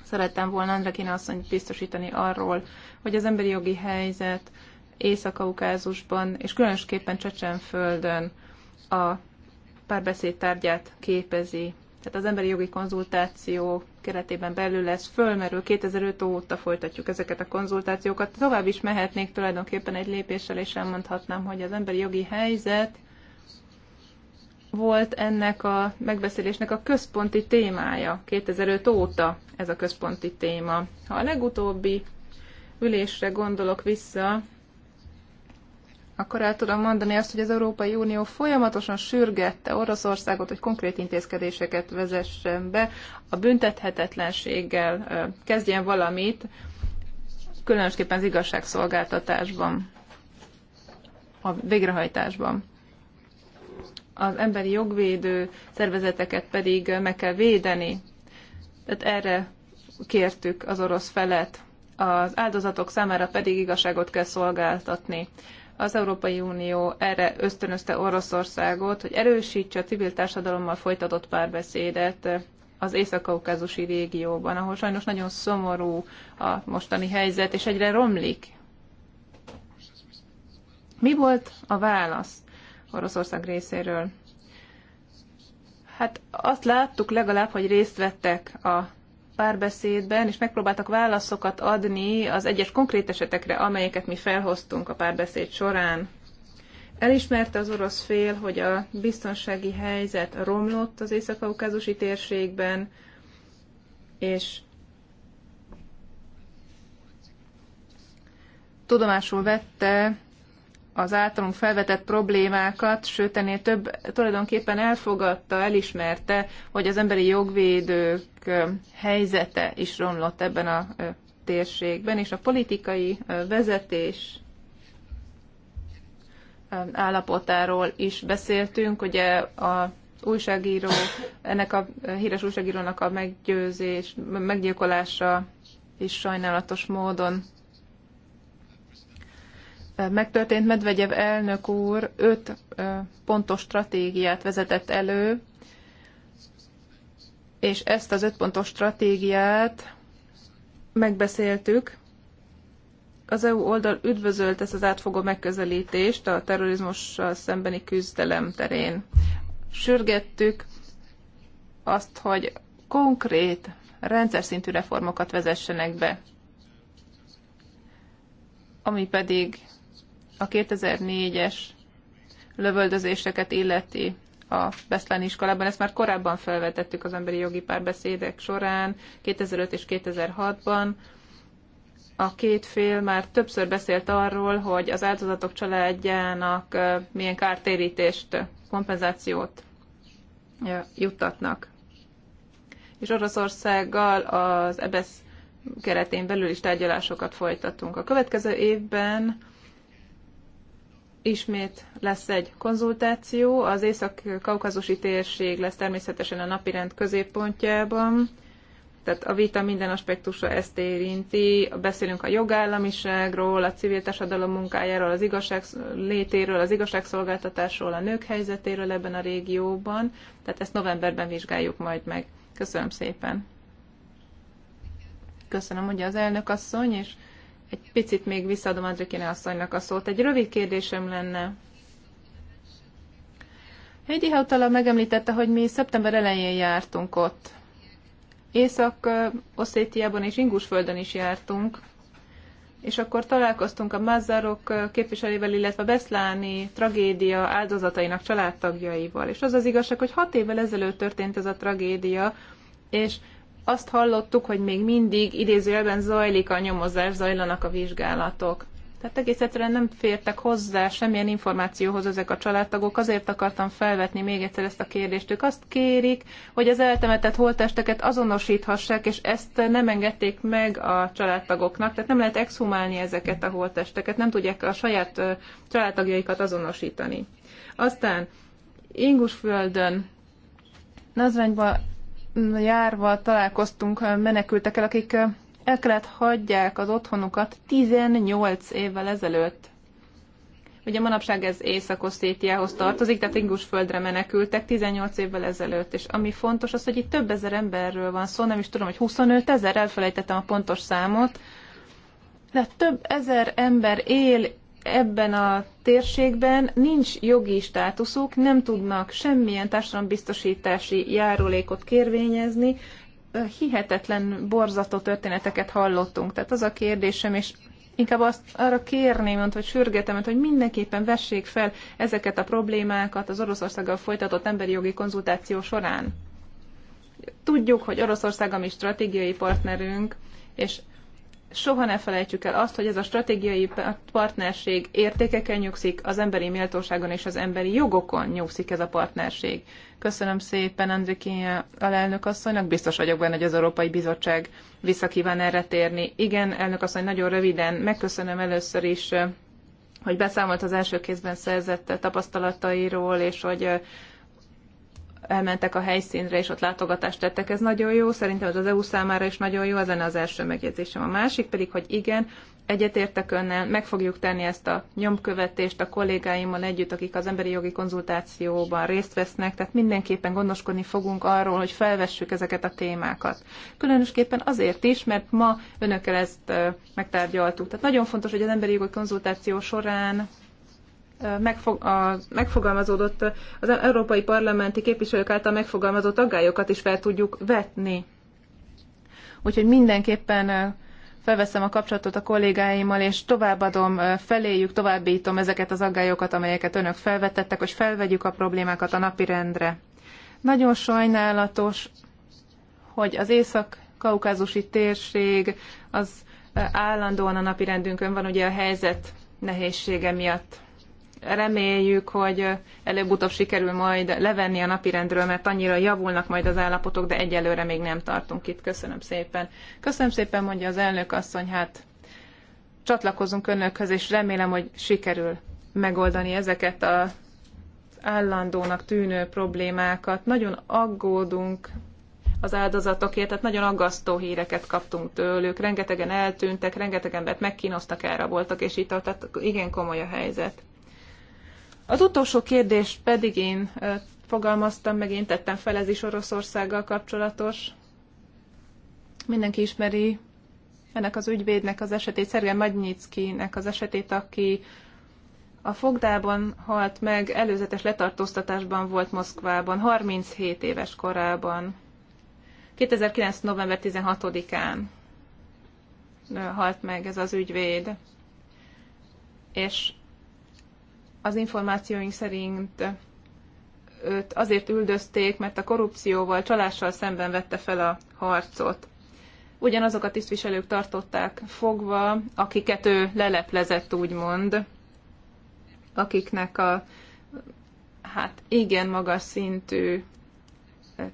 Szerettem volna Andrekina asszony biztosítani arról, hogy az emberi jogi helyzet Észak-Kaukázusban, és különösképpen Csecsenföldön a párbeszéd tárgyát képezi tehát az emberi jogi konzultáció keretében belül lesz fölmerül. 2005 óta folytatjuk ezeket a konzultációkat. Tovább is mehetnék tulajdonképpen egy lépéssel, és elmondhatnám, hogy az emberi jogi helyzet volt ennek a megbeszélésnek a központi témája. 2005 óta ez a központi téma. Ha a legutóbbi ülésre gondolok vissza, akkor el tudom mondani azt, hogy az Európai Unió folyamatosan sürgette Oroszországot, hogy konkrét intézkedéseket vezessen be, a büntethetetlenséggel kezdjen valamit, különösképpen az igazságszolgáltatásban, a végrehajtásban. Az emberi jogvédő szervezeteket pedig meg kell védeni. Tehát erre kértük az orosz felet, az áldozatok számára pedig igazságot kell szolgáltatni. Az Európai Unió erre ösztönözte Oroszországot, hogy erősítse a civil társadalommal folytatott párbeszédet az észak-kaukázusi régióban, ahol sajnos nagyon szomorú a mostani helyzet, és egyre romlik. Mi volt a válasz Oroszország részéről? Hát azt láttuk legalább, hogy részt vettek a párbeszédben, és megpróbáltak válaszokat adni az egyes konkrét esetekre, amelyeket mi felhoztunk a párbeszéd során. Elismerte az orosz fél, hogy a biztonsági helyzet romlott az észak-kaukázusi térségben, és tudomásul vette az általunk felvetett problémákat, sőt ennél több tulajdonképpen elfogadta, elismerte, hogy az emberi jogvédők helyzete is romlott ebben a térségben, és a politikai vezetés állapotáról is beszéltünk. Ugye a újságíró, ennek a híres újságírónak a meggyőzés, meggyilkolása is sajnálatos módon megtörtént, Medvegyev elnök úr öt pontos stratégiát vezetett elő, és ezt az öt pontos stratégiát megbeszéltük. Az EU oldal üdvözölt ezt az átfogó megközelítést a terrorizmussal szembeni küzdelem terén. Sürgettük azt, hogy konkrét, rendszer szintű reformokat vezessenek be, ami pedig a 2004-es lövöldözéseket illeti a Beszláni iskolában, ezt már korábban felvetettük az emberi jogi párbeszédek során, 2005 és 2006-ban, a két fél már többször beszélt arról, hogy az áldozatok családjának milyen kártérítést, kompenzációt juttatnak. És Oroszországgal az EBSZ e keretén belül is tárgyalásokat folytatunk. A következő évben ismét lesz egy konzultáció. Az észak-kaukazusi térség lesz természetesen a napirend középpontjában. Tehát a vita minden aspektusa ezt érinti. Beszélünk a jogállamiságról, a civil társadalom munkájáról, az igazság létéről, az igazságszolgáltatásról, a nők helyzetéről ebben a régióban. Tehát ezt novemberben vizsgáljuk majd meg. Köszönöm szépen. Köszönöm, hogy az elnök asszony, és egy picit még visszaadom Andrikine asszonynak a szót. Egy rövid kérdésem lenne. Egyi Hautala megemlítette, hogy mi szeptember elején jártunk ott. Észak-Oszétiában és Ingusföldön is jártunk, és akkor találkoztunk a mazzarok képviselővel, illetve a Beszláni tragédia áldozatainak családtagjaival. És az az igazság, hogy hat évvel ezelőtt történt ez a tragédia, és azt hallottuk, hogy még mindig idézőjelben zajlik a nyomozás, zajlanak a vizsgálatok. Tehát egész egyszerűen nem fértek hozzá semmilyen információhoz ezek a családtagok, azért akartam felvetni még egyszer ezt a kérdést. Ők azt kérik, hogy az eltemetett holtesteket azonosíthassák, és ezt nem engedték meg a családtagoknak, tehát nem lehet exhumálni ezeket a holtesteket, nem tudják a saját családtagjaikat azonosítani. Aztán Ingusföldön Nazrányban járva találkoztunk menekültekkel, akik el kellett hagyják az otthonukat 18 évvel ezelőtt. Ugye manapság ez Észak-Oszétiához tartozik, tehát földre menekültek 18 évvel ezelőtt, és ami fontos az, hogy itt több ezer emberről van szó, nem is tudom, hogy 25 ezer, elfelejtettem a pontos számot, de több ezer ember él ebben a térségben nincs jogi státuszuk, nem tudnak semmilyen társadalombiztosítási járulékot kérvényezni, hihetetlen borzató történeteket hallottunk. Tehát az a kérdésem, és inkább azt arra kérném, hogy sürgetem, hogy mindenképpen vessék fel ezeket a problémákat az Oroszországgal folytatott emberi jogi konzultáció során. Tudjuk, hogy Oroszország a mi stratégiai partnerünk, és soha ne felejtjük el azt, hogy ez a stratégiai partnerség értékeken nyugszik, az emberi méltóságon és az emberi jogokon nyugszik ez a partnerség. Köszönöm szépen a elnök asszonynak, biztos vagyok benne, hogy az Európai Bizottság visszakíván erre térni. Igen, elnök asszony, nagyon röviden megköszönöm először is hogy beszámolt az első kézben szerzett tapasztalatairól, és hogy elmentek a helyszínre, és ott látogatást tettek. Ez nagyon jó, szerintem ez az EU számára is nagyon jó, ez lenne az első megjegyzésem. A másik pedig, hogy igen, egyetértek önnel, meg fogjuk tenni ezt a nyomkövetést a kollégáimmal együtt, akik az emberi jogi konzultációban részt vesznek, tehát mindenképpen gondoskodni fogunk arról, hogy felvessük ezeket a témákat. Különösképpen azért is, mert ma önökkel ezt megtárgyaltuk. Tehát nagyon fontos, hogy az emberi jogi konzultáció során megfog, megfogalmazódott, az európai parlamenti képviselők által megfogalmazott aggályokat is fel tudjuk vetni. Úgyhogy mindenképpen felveszem a kapcsolatot a kollégáimmal, és továbbadom feléjük, továbbítom ezeket az aggályokat, amelyeket önök felvetettek, hogy felvegyük a problémákat a napi rendre. Nagyon sajnálatos, hogy az észak-kaukázusi térség az állandóan a napi rendünkön van ugye a helyzet nehézsége miatt reméljük, hogy előbb-utóbb sikerül majd levenni a napirendről, mert annyira javulnak majd az állapotok, de egyelőre még nem tartunk itt. Köszönöm szépen. Köszönöm szépen, mondja az elnök asszony, hát csatlakozunk önökhöz, és remélem, hogy sikerül megoldani ezeket a állandónak tűnő problémákat. Nagyon aggódunk az áldozatokért, tehát nagyon aggasztó híreket kaptunk tőlük, rengetegen eltűntek, rengeteg embert megkínoztak, elraboltak, és itt tehát igen komoly a helyzet. Az utolsó kérdést pedig én fogalmaztam meg, én tettem fel, ez is Oroszországgal kapcsolatos. Mindenki ismeri ennek az ügyvédnek az esetét, Szerge Magnyickinek az esetét, aki a fogdában halt meg, előzetes letartóztatásban volt Moszkvában, 37 éves korában. 2009. november 16-án halt meg ez az ügyvéd. És az információink szerint őt azért üldözték, mert a korrupcióval, csalással szemben vette fel a harcot. Ugyanazok a tisztviselők tartották fogva, akiket ő leleplezett, úgymond, akiknek a hát igen magas szintű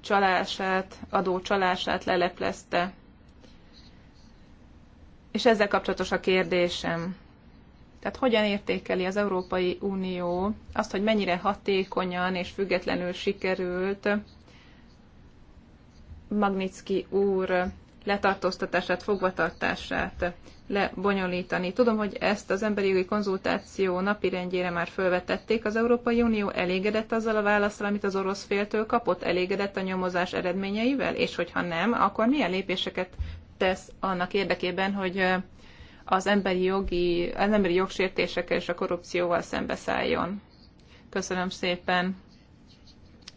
csalását, adócsalását leleplezte. És ezzel kapcsolatos a kérdésem. Tehát hogyan értékeli az Európai Unió azt, hogy mennyire hatékonyan és függetlenül sikerült Magnitsky úr letartóztatását, fogvatartását lebonyolítani. Tudom, hogy ezt az emberi jogi konzultáció napirendjére már felvetették. Az Európai Unió elégedett azzal a válaszra, amit az orosz féltől kapott? Elégedett a nyomozás eredményeivel? És hogyha nem, akkor milyen lépéseket tesz annak érdekében, hogy az emberi, jogi, az emberi jogsértésekkel és a korrupcióval szembeszálljon. Köszönöm szépen.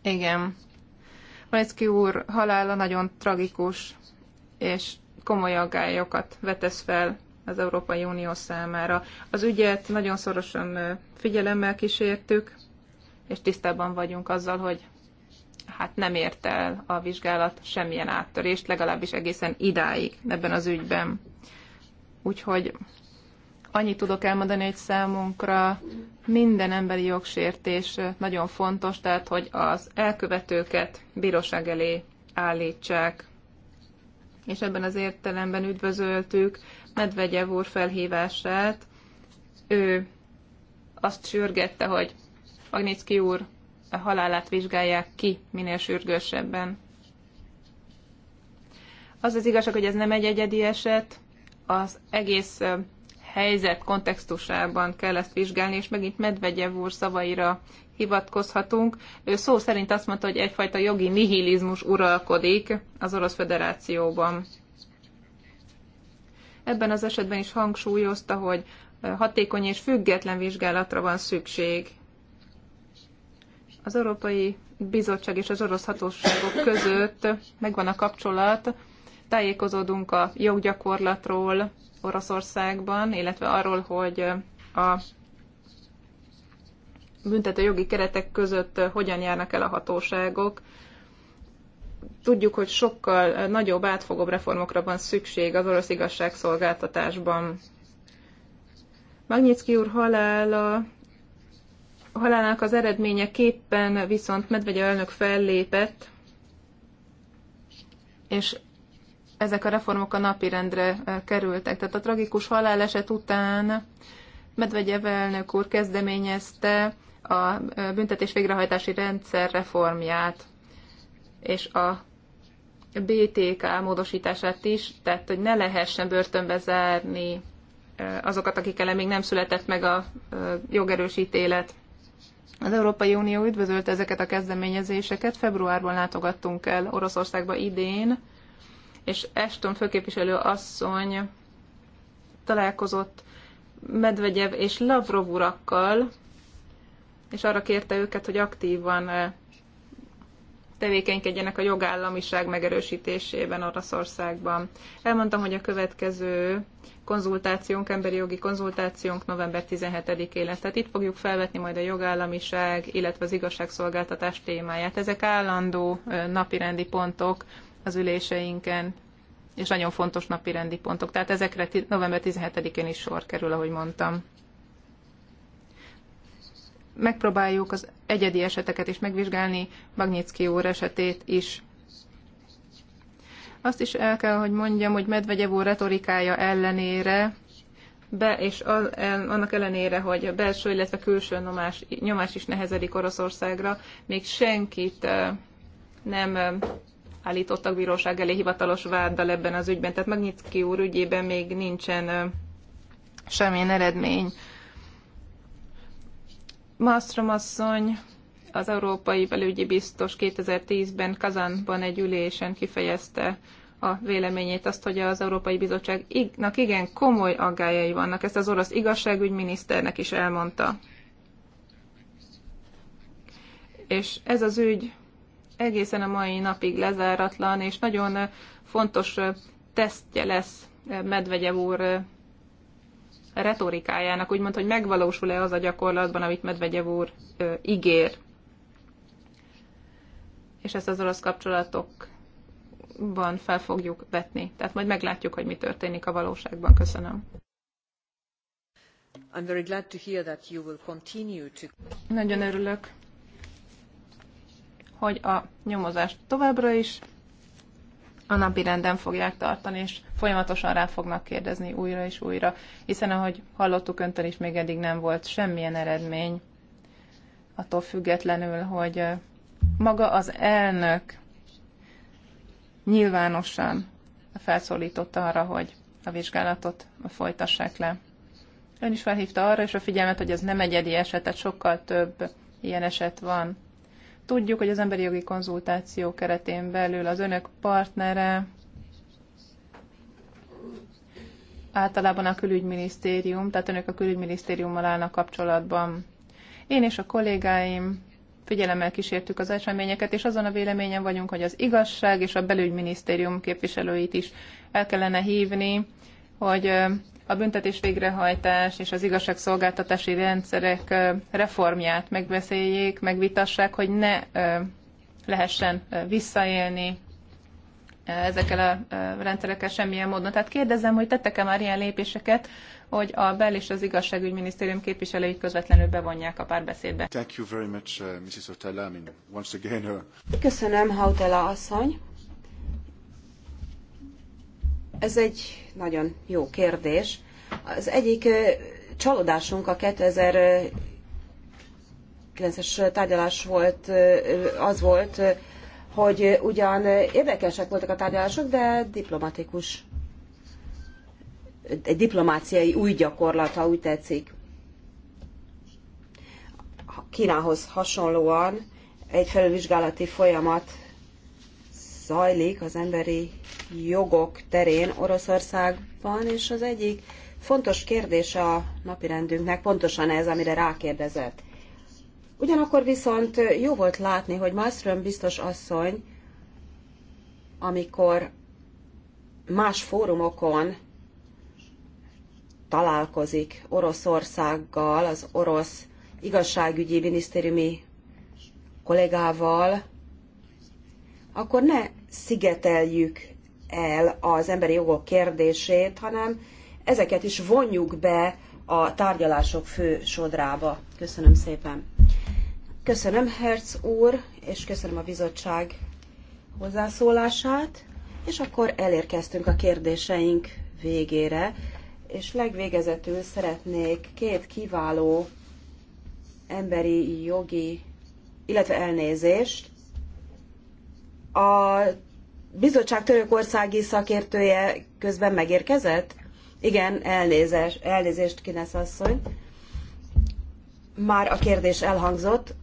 Igen. Malecki úr halála nagyon tragikus, és komoly aggályokat vetesz fel az Európai Unió számára. Az ügyet nagyon szorosan figyelemmel kísértük, és tisztában vagyunk azzal, hogy hát nem ért el a vizsgálat semmilyen áttörést, legalábbis egészen idáig ebben az ügyben. Úgyhogy annyit tudok elmondani, hogy számunkra minden emberi jogsértés nagyon fontos, tehát hogy az elkövetőket bíróság elé állítsák. És ebben az értelemben üdvözöltük Medvegyev úr felhívását. Ő azt sürgette, hogy Agnicki úr a halálát vizsgálják ki minél sürgősebben. Az az igazság, hogy ez nem egy egyedi eset, az egész helyzet kontextusában kell ezt vizsgálni, és megint Medvegyev úr szavaira hivatkozhatunk. Ő szó szerint azt mondta, hogy egyfajta jogi nihilizmus uralkodik az Orosz federációban. Ebben az esetben is hangsúlyozta, hogy hatékony és független vizsgálatra van szükség. Az Európai Bizottság és az orosz hatóságok között megvan a kapcsolat, tájékozódunk a joggyakorlatról Oroszországban, illetve arról, hogy a büntető jogi keretek között hogyan járnak el a hatóságok. Tudjuk, hogy sokkal nagyobb, átfogóbb reformokra van szükség az orosz igazságszolgáltatásban. Magnitsky úr halála, halálának az eredményeképpen viszont Medvegye elnök fellépett, és ezek a reformok a napirendre kerültek. Tehát a tragikus haláleset után Medvegyev elnök úr kezdeményezte a büntetés végrehajtási rendszer reformját és a BTK módosítását is, tehát hogy ne lehessen börtönbe zárni azokat, akik ellen még nem született meg a jogerős ítélet. Az Európai Unió üdvözölte ezeket a kezdeményezéseket. Februárban látogattunk el Oroszországba idén, és Eston főképviselő asszony találkozott Medvegyev és Lavrov urakkal, és arra kérte őket, hogy aktívan tevékenykedjenek a jogállamiság megerősítésében Oroszországban. Elmondtam, hogy a következő konzultációnk, emberi jogi konzultációnk november 17-én lesz. Tehát itt fogjuk felvetni majd a jogállamiság, illetve az igazságszolgáltatás témáját. Ezek állandó napirendi pontok az üléseinken, és nagyon fontos napi rendi pontok. Tehát ezekre november 17-én is sor kerül, ahogy mondtam. Megpróbáljuk az egyedi eseteket is megvizsgálni, Magnitsky úr esetét is. Azt is el kell, hogy mondjam, hogy Medvegyev úr retorikája ellenére, be, és az, annak ellenére, hogy a belső, illetve külső nyomás, nyomás is nehezedik Oroszországra, még senkit nem állítottak bíróság elé hivatalos váddal ebben az ügyben. Tehát Magnitsky úr ügyében még nincsen semmilyen eredmény. Mastrom asszony az Európai Belügyi Biztos 2010-ben Kazanban egy ülésen kifejezte a véleményét, azt, hogy az Európai Bizottságnak igen komoly aggályai vannak. Ezt az orosz igazságügyminiszternek is elmondta. És ez az ügy egészen a mai napig lezáratlan, és nagyon fontos tesztje lesz Medvegyev úr retorikájának, úgymond, hogy megvalósul-e az a gyakorlatban, amit Medvegyev úr ígér. És ezt az orosz kapcsolatokban fel fogjuk vetni. Tehát majd meglátjuk, hogy mi történik a valóságban. Köszönöm. I'm very glad to hear that you will continue to... Nagyon örülök hogy a nyomozást továbbra is a napi renden fogják tartani, és folyamatosan rá fognak kérdezni újra és újra, hiszen ahogy hallottuk öntől is, még eddig nem volt semmilyen eredmény, attól függetlenül, hogy maga az elnök nyilvánosan felszólította arra, hogy a vizsgálatot folytassák le. Ön is felhívta arra és a figyelmet, hogy ez nem egyedi eset, tehát sokkal több ilyen eset van. Tudjuk, hogy az emberi jogi konzultáció keretén belül az önök partnere általában a külügyminisztérium, tehát önök a külügyminisztériummal állnak kapcsolatban. Én és a kollégáim figyelemmel kísértük az eseményeket, és azon a véleményen vagyunk, hogy az igazság és a belügyminisztérium képviselőit is el kellene hívni, hogy a büntetés végrehajtás és az igazságszolgáltatási rendszerek reformját megbeszéljék, megvitassák, hogy ne lehessen visszaélni ezekkel a rendszerekkel semmilyen módon. Tehát kérdezem, hogy tettek-e már ilyen lépéseket, hogy a bel és az igazságügyminisztérium képviselői közvetlenül bevonják a párbeszédbe. Thank you very much, uh, Mrs. Otella. I mean, once again, uh... Köszönöm, Hautela asszony. Ez egy nagyon jó kérdés. Az egyik csalódásunk a 2009-es tárgyalás volt, az volt, hogy ugyan érdekesek voltak a tárgyalások, de diplomatikus, egy diplomáciai új gyakorlata, úgy tetszik. Kínához hasonlóan egy felülvizsgálati folyamat zajlik az emberi jogok terén Oroszországban, és az egyik fontos kérdés a napirendünknek pontosan ez, amire rákérdezett. Ugyanakkor viszont jó volt látni, hogy Malmström biztos asszony, amikor más fórumokon találkozik Oroszországgal, az orosz igazságügyi minisztériumi kollégával, akkor ne szigeteljük el az emberi jogok kérdését, hanem ezeket is vonjuk be a tárgyalások fő sodrába. Köszönöm szépen. Köszönöm Herz úr, és köszönöm a bizottság hozzászólását, és akkor elérkeztünk a kérdéseink végére, és legvégezetül szeretnék két kiváló emberi jogi, illetve elnézést, a bizottság törökországi szakértője közben megérkezett? Igen, elnézés, elnézést, Kinesz asszony. Már a kérdés elhangzott,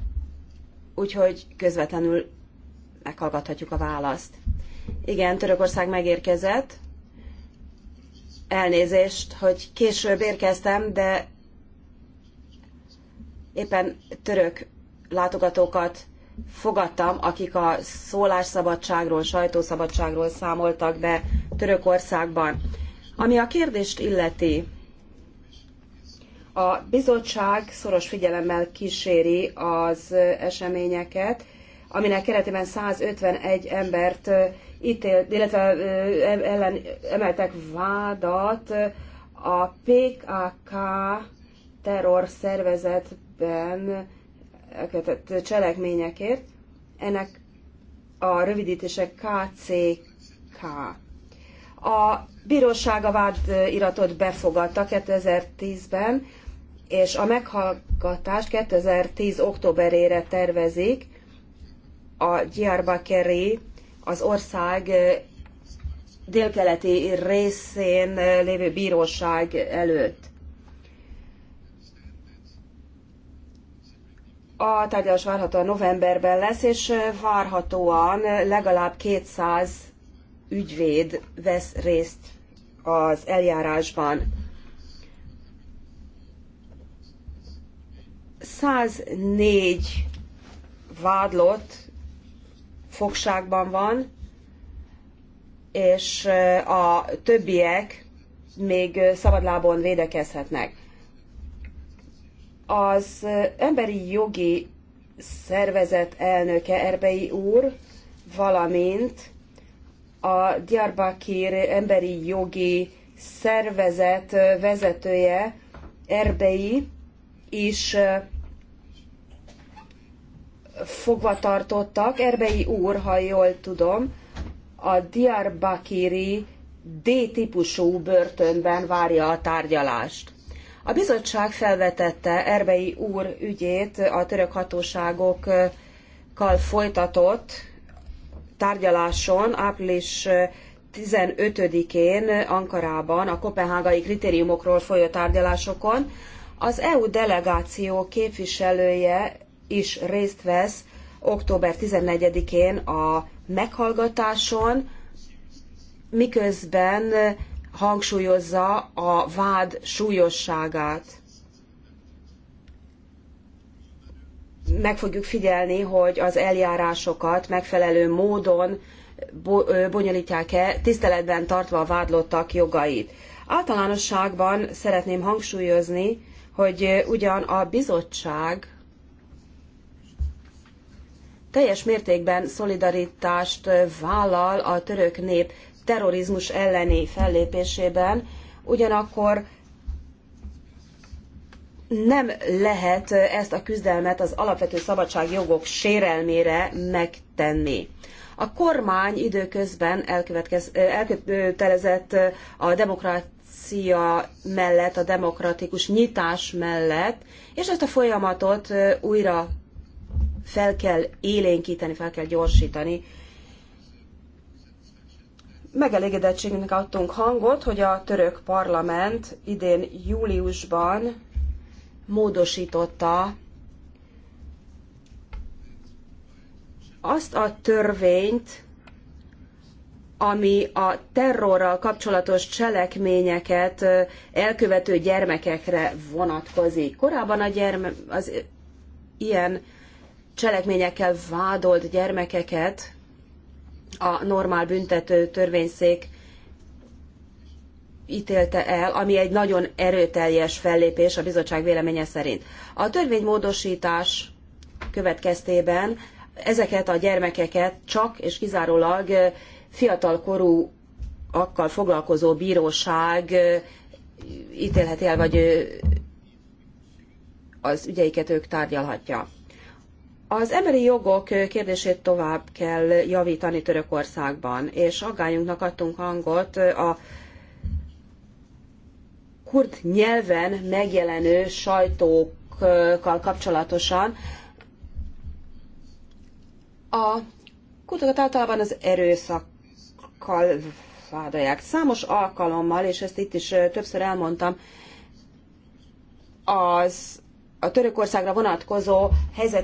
úgyhogy közvetlenül meghallgathatjuk a választ. Igen, Törökország megérkezett. Elnézést, hogy később érkeztem, de éppen török látogatókat fogadtam, akik a szólásszabadságról, sajtószabadságról számoltak be Törökországban. Ami a kérdést illeti, a bizottság szoros figyelemmel kíséri az eseményeket, aminek keretében 151 embert ítélt, illetve ellen emeltek vádat a PKK terrorszervezetben elkövetett cselekményekért. Ennek a rövidítése KCK. A bíróság a vádiratot befogadta 2010-ben, és a meghallgatást 2010. októberére tervezik a Gyarbakeri, az ország délkeleti részén lévő bíróság előtt. A tárgyalás várhatóan novemberben lesz, és várhatóan legalább 200 ügyvéd vesz részt az eljárásban. 104 vádlott fogságban van, és a többiek még szabadlábon védekezhetnek. Az emberi jogi szervezet elnöke Erbei úr, valamint a Diyarbakir emberi jogi szervezet vezetője Erbei is fogvatartottak. Erbei úr, ha jól tudom, a Diyarbakiri D-típusú börtönben várja a tárgyalást. A bizottság felvetette Erbei úr ügyét a török hatóságokkal folytatott tárgyaláson április 15-én Ankarában a kopenhágai kritériumokról folyó tárgyalásokon. Az EU delegáció képviselője is részt vesz október 14-én a meghallgatáson, miközben hangsúlyozza a vád súlyosságát. Meg fogjuk figyelni, hogy az eljárásokat megfelelő módon bonyolítják-e, tiszteletben tartva a vádlottak jogait. Általánosságban szeretném hangsúlyozni, hogy ugyan a bizottság teljes mértékben szolidaritást vállal a török nép terrorizmus elleni fellépésében, ugyanakkor nem lehet ezt a küzdelmet az alapvető szabadságjogok sérelmére megtenni. A kormány időközben elkötelezett a demokrácia mellett, a demokratikus nyitás mellett, és ezt a folyamatot újra fel kell élénkíteni, fel kell gyorsítani, megelégedettségünknek adtunk hangot, hogy a török parlament idén júliusban módosította azt a törvényt, ami a terrorral kapcsolatos cselekményeket elkövető gyermekekre vonatkozik. Korábban a gyerme, az ilyen cselekményekkel vádolt gyermekeket a normál büntető törvényszék ítélte el, ami egy nagyon erőteljes fellépés a bizottság véleménye szerint. A törvénymódosítás következtében ezeket a gyermekeket csak és kizárólag fiatalkorúakkal foglalkozó bíróság ítélheti el, vagy az ügyeiket ők tárgyalhatja. Az emberi jogok kérdését tovább kell javítani Törökországban, és aggályunknak adtunk hangot a kurd nyelven megjelenő sajtókkal kapcsolatosan. A kurdokat általában az erőszakkal vádolják. Számos alkalommal, és ezt itt is többször elmondtam, az a Törökországra vonatkozó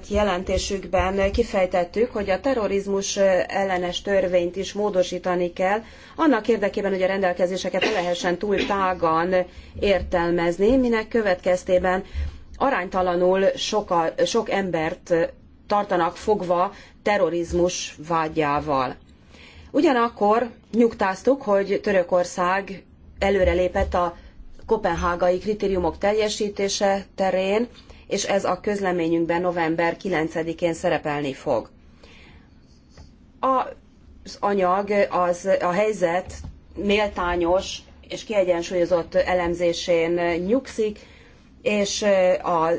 jelentésükben kifejtettük, hogy a terrorizmus ellenes törvényt is módosítani kell, annak érdekében, hogy a rendelkezéseket ne lehessen túl tágan értelmezni, minek következtében aránytalanul soka, sok embert tartanak fogva terrorizmus vágyával. Ugyanakkor nyugtáztuk, hogy Törökország előrelépett a kopenhágai kritériumok teljesítése terén, és ez a közleményünkben november 9-én szerepelni fog. Az anyag, az, a helyzet méltányos és kiegyensúlyozott elemzésén nyugszik, és a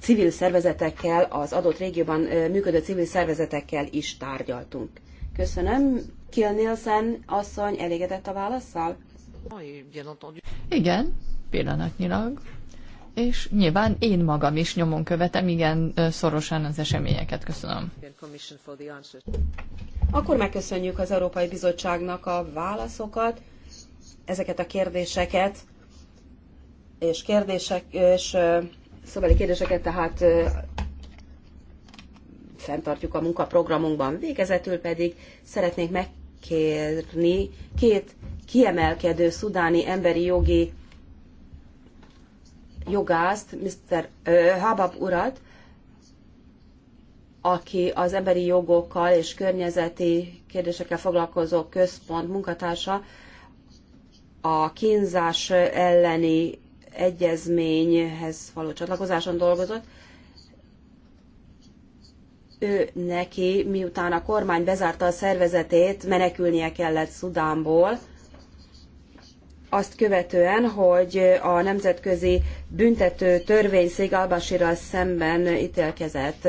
civil szervezetekkel, az adott régióban működő civil szervezetekkel is tárgyaltunk. Köszönöm. Kill Nielsen asszony elégedett a válaszsal? Igen, pillanatnyilag. És nyilván én magam is nyomon követem, igen, szorosan az eseményeket. Köszönöm. Akkor megköszönjük az Európai Bizottságnak a válaszokat, ezeket a kérdéseket, és kérdések, és szóbeli kérdéseket, tehát fenntartjuk a munkaprogramunkban. Végezetül pedig szeretnénk megkérni két kiemelkedő szudáni emberi jogi jogászt, Mr. Habab urat, aki az emberi jogokkal és környezeti kérdésekkel foglalkozó központ munkatársa, a kínzás elleni egyezményhez való csatlakozáson dolgozott. Ő neki, miután a kormány bezárta a szervezetét, menekülnie kellett Szudánból, azt követően, hogy a Nemzetközi Büntető Törvényszék Albasirral szemben ítélkezett.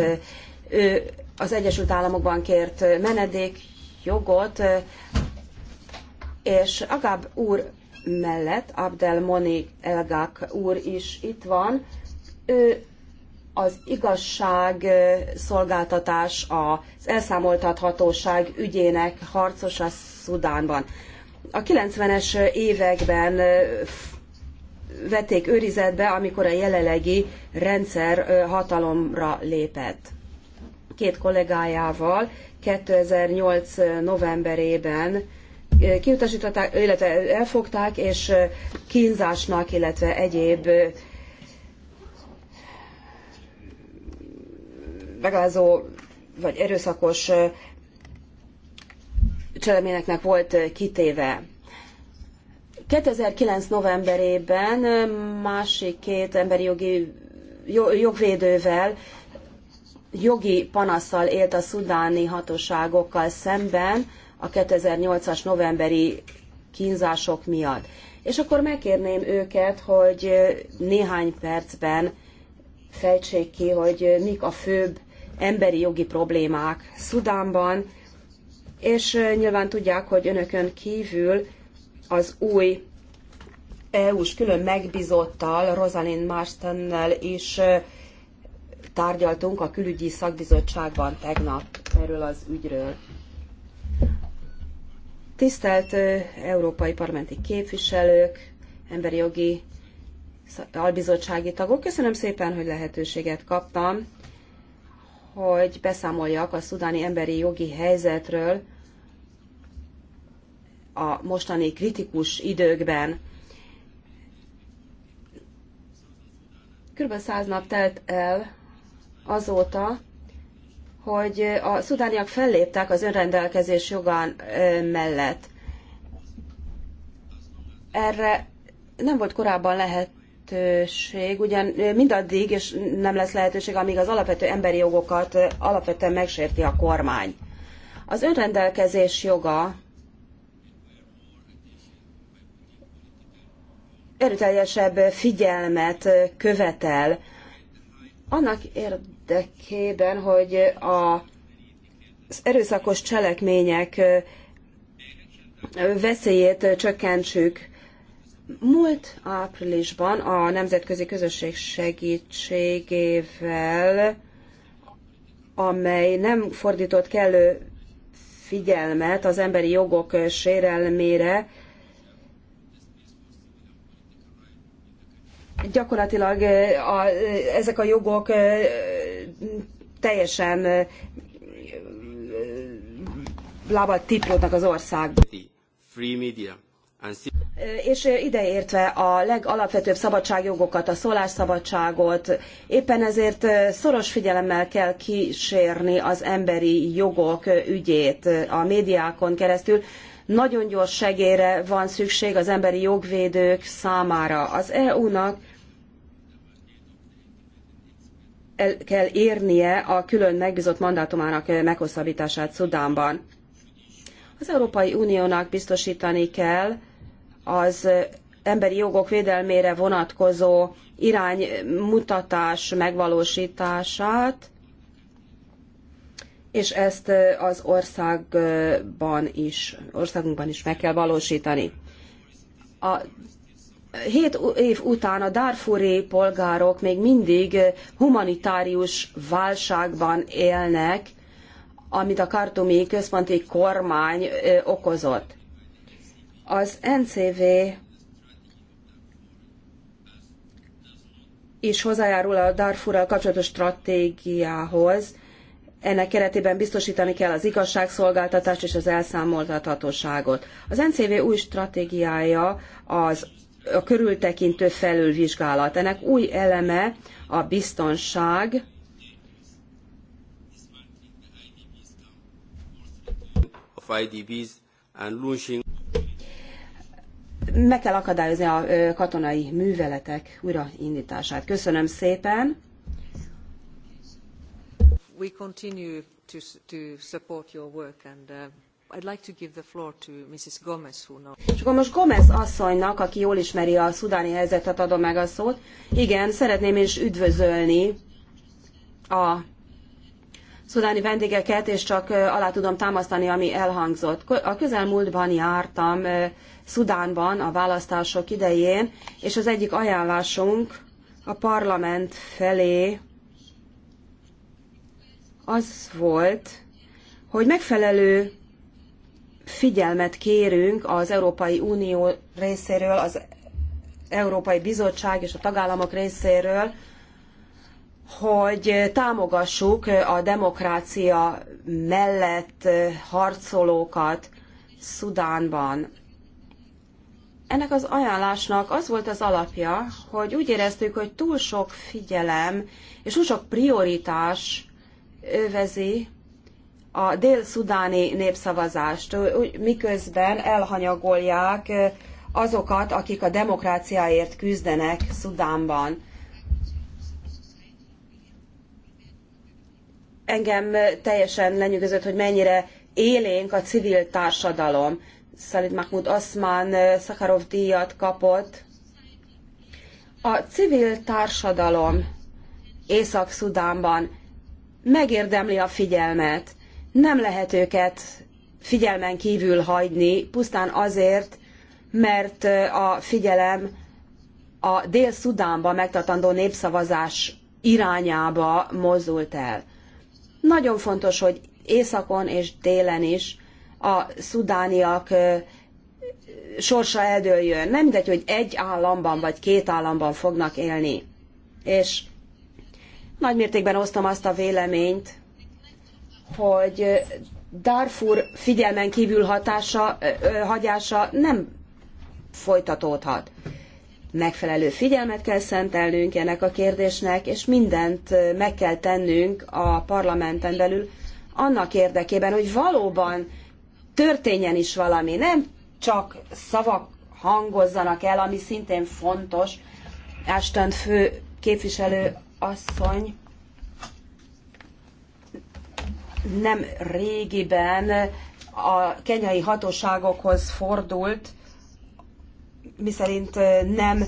Ő az Egyesült Államokban kért menedék jogot, és Agab úr mellett Abdelmoni Elgák úr is itt van. Ő az igazság szolgáltatás, az elszámoltathatóság ügyének harcosa Szudánban. A 90-es években vették őrizetbe, amikor a jelenlegi rendszer hatalomra lépett. Két kollégájával 2008. novemberében kiutasították, illetve elfogták, és kínzásnak, illetve egyéb megalázó vagy erőszakos cseleményeknek volt eh, kitéve. 2009. novemberében eh, másik két emberi jogi jogvédővel jogi panaszsal élt a szudáni hatóságokkal szemben a 2008-as novemberi kínzások miatt. És akkor megkérném őket, hogy eh, néhány percben fejtsék ki, hogy mik a főbb emberi jogi problémák Szudánban, és nyilván tudják, hogy önökön kívül az új EU-s külön megbizottal, Rosalind Marstonnel is tárgyaltunk a külügyi szakbizottságban tegnap erről az ügyről. Tisztelt európai parlamenti képviselők, emberi jogi albizottsági tagok, köszönöm szépen, hogy lehetőséget kaptam hogy beszámoljak a szudáni emberi jogi helyzetről a mostani kritikus időkben. Kb. száz nap telt el azóta, hogy a szudániak felléptek az önrendelkezés jogán mellett. Erre nem volt korábban lehet lehetőség, ugyan mindaddig, és nem lesz lehetőség, amíg az alapvető emberi jogokat alapvetően megsérti a kormány. Az önrendelkezés joga erőteljesebb figyelmet követel annak érdekében, hogy a az erőszakos cselekmények veszélyét csökkentsük. Múlt áprilisban a Nemzetközi Közösség segítségével, amely nem fordított kellő figyelmet az emberi jogok sérelmére, gyakorlatilag a, ezek a jogok teljesen lábat tipródnak az országban és ideértve a legalapvetőbb szabadságjogokat, a szólásszabadságot, éppen ezért szoros figyelemmel kell kísérni az emberi jogok ügyét a médiákon keresztül. Nagyon gyors segélyre van szükség az emberi jogvédők számára. Az EU-nak el kell érnie a külön megbízott mandátumának meghosszabbítását Szudánban. Az Európai Uniónak biztosítani kell, az emberi jogok védelmére vonatkozó iránymutatás megvalósítását, és ezt az országban is, országunkban is meg kell valósítani. A hét év után a darfuri polgárok még mindig humanitárius válságban élnek, amit a kartumi központi kormány okozott. Az NCV is hozzájárul a Darfurral kapcsolatos stratégiához. Ennek keretében biztosítani kell az igazságszolgáltatást és az elszámoltathatóságot. Az NCV új stratégiája az a körültekintő felülvizsgálat. Ennek új eleme a biztonság, of IDBs and launching meg kell akadályozni a katonai műveletek újraindítását. Köszönöm szépen! We continue to, to support your work and uh, I'd like to give the floor to Mrs. Gomez, who knows. És akkor most Gomez asszonynak, aki jól ismeri a szudáni helyzetet, adom meg a szót. Igen, szeretném is üdvözölni a szudáni vendégeket, és csak alá tudom támasztani, ami elhangzott. A közelmúltban jártam Szudánban a választások idején, és az egyik ajánlásunk a parlament felé az volt, hogy megfelelő figyelmet kérünk az Európai Unió részéről, az Európai Bizottság és a tagállamok részéről hogy támogassuk a demokrácia mellett harcolókat Szudánban. Ennek az ajánlásnak az volt az alapja, hogy úgy éreztük, hogy túl sok figyelem és túl sok prioritás övezi a dél-szudáni népszavazást, miközben elhanyagolják azokat, akik a demokráciáért küzdenek Szudánban. engem teljesen lenyűgözött, hogy mennyire élénk a civil társadalom. Szalid Mahmud Osman eh, Szakarov díjat kapott. A civil társadalom Észak-Szudánban megérdemli a figyelmet. Nem lehet őket figyelmen kívül hagyni, pusztán azért, mert eh, a figyelem a Dél-Szudánban megtartandó népszavazás irányába mozdult el. Nagyon fontos, hogy északon és délen is a szudániak sorsa eldőljön. Nem mindegy, hogy egy államban vagy két államban fognak élni. És nagy mértékben osztom azt a véleményt, hogy Darfur figyelmen kívül hatása, hagyása nem folytatódhat megfelelő figyelmet kell szentelnünk ennek a kérdésnek, és mindent meg kell tennünk a parlamenten belül annak érdekében, hogy valóban történjen is valami, nem csak szavak hangozzanak el, ami szintén fontos. Ashton fő képviselő asszony nem régiben a kenyai hatóságokhoz fordult, miszerint nem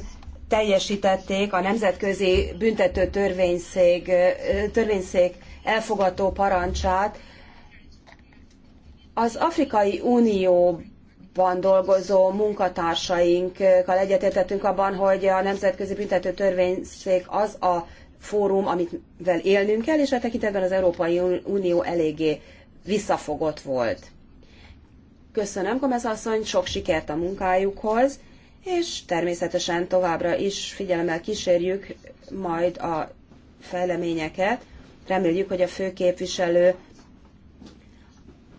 teljesítették a Nemzetközi Büntető Törvényszék, törvényszék elfogató parancsát. Az Afrikai Unió dolgozó munkatársainkkal egyetértettünk abban, hogy a Nemzetközi Büntető Törvényszék az a fórum, amivel élnünk kell, és a e tekintetben az Európai Unió eléggé visszafogott volt. Köszönöm, Gomez asszony, sok sikert a munkájukhoz, és természetesen továbbra is figyelemmel kísérjük majd a fejleményeket. Reméljük, hogy a főképviselő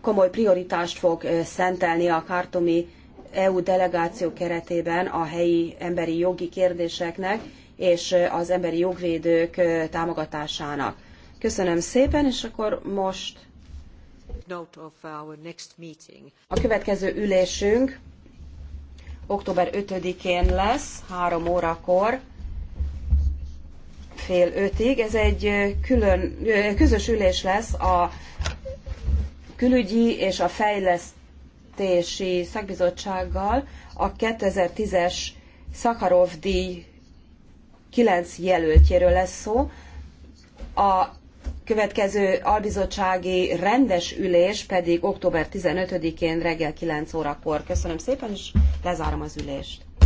komoly prioritást fog szentelni a kártomi EU delegáció keretében a helyi emberi jogi kérdéseknek és az emberi jogvédők támogatásának. Köszönöm szépen, és akkor most a következő ülésünk október 5-én lesz, 3 órakor, fél ötig. Ez egy külön, közös ülés lesz a külügyi és a fejlesztési szakbizottsággal a 2010-es Szakarov díj 9 jelöltjéről lesz szó. A következő albizottsági rendes ülés pedig október 15-én reggel 9 órakor. Köszönöm szépen, és lezárom az ülést.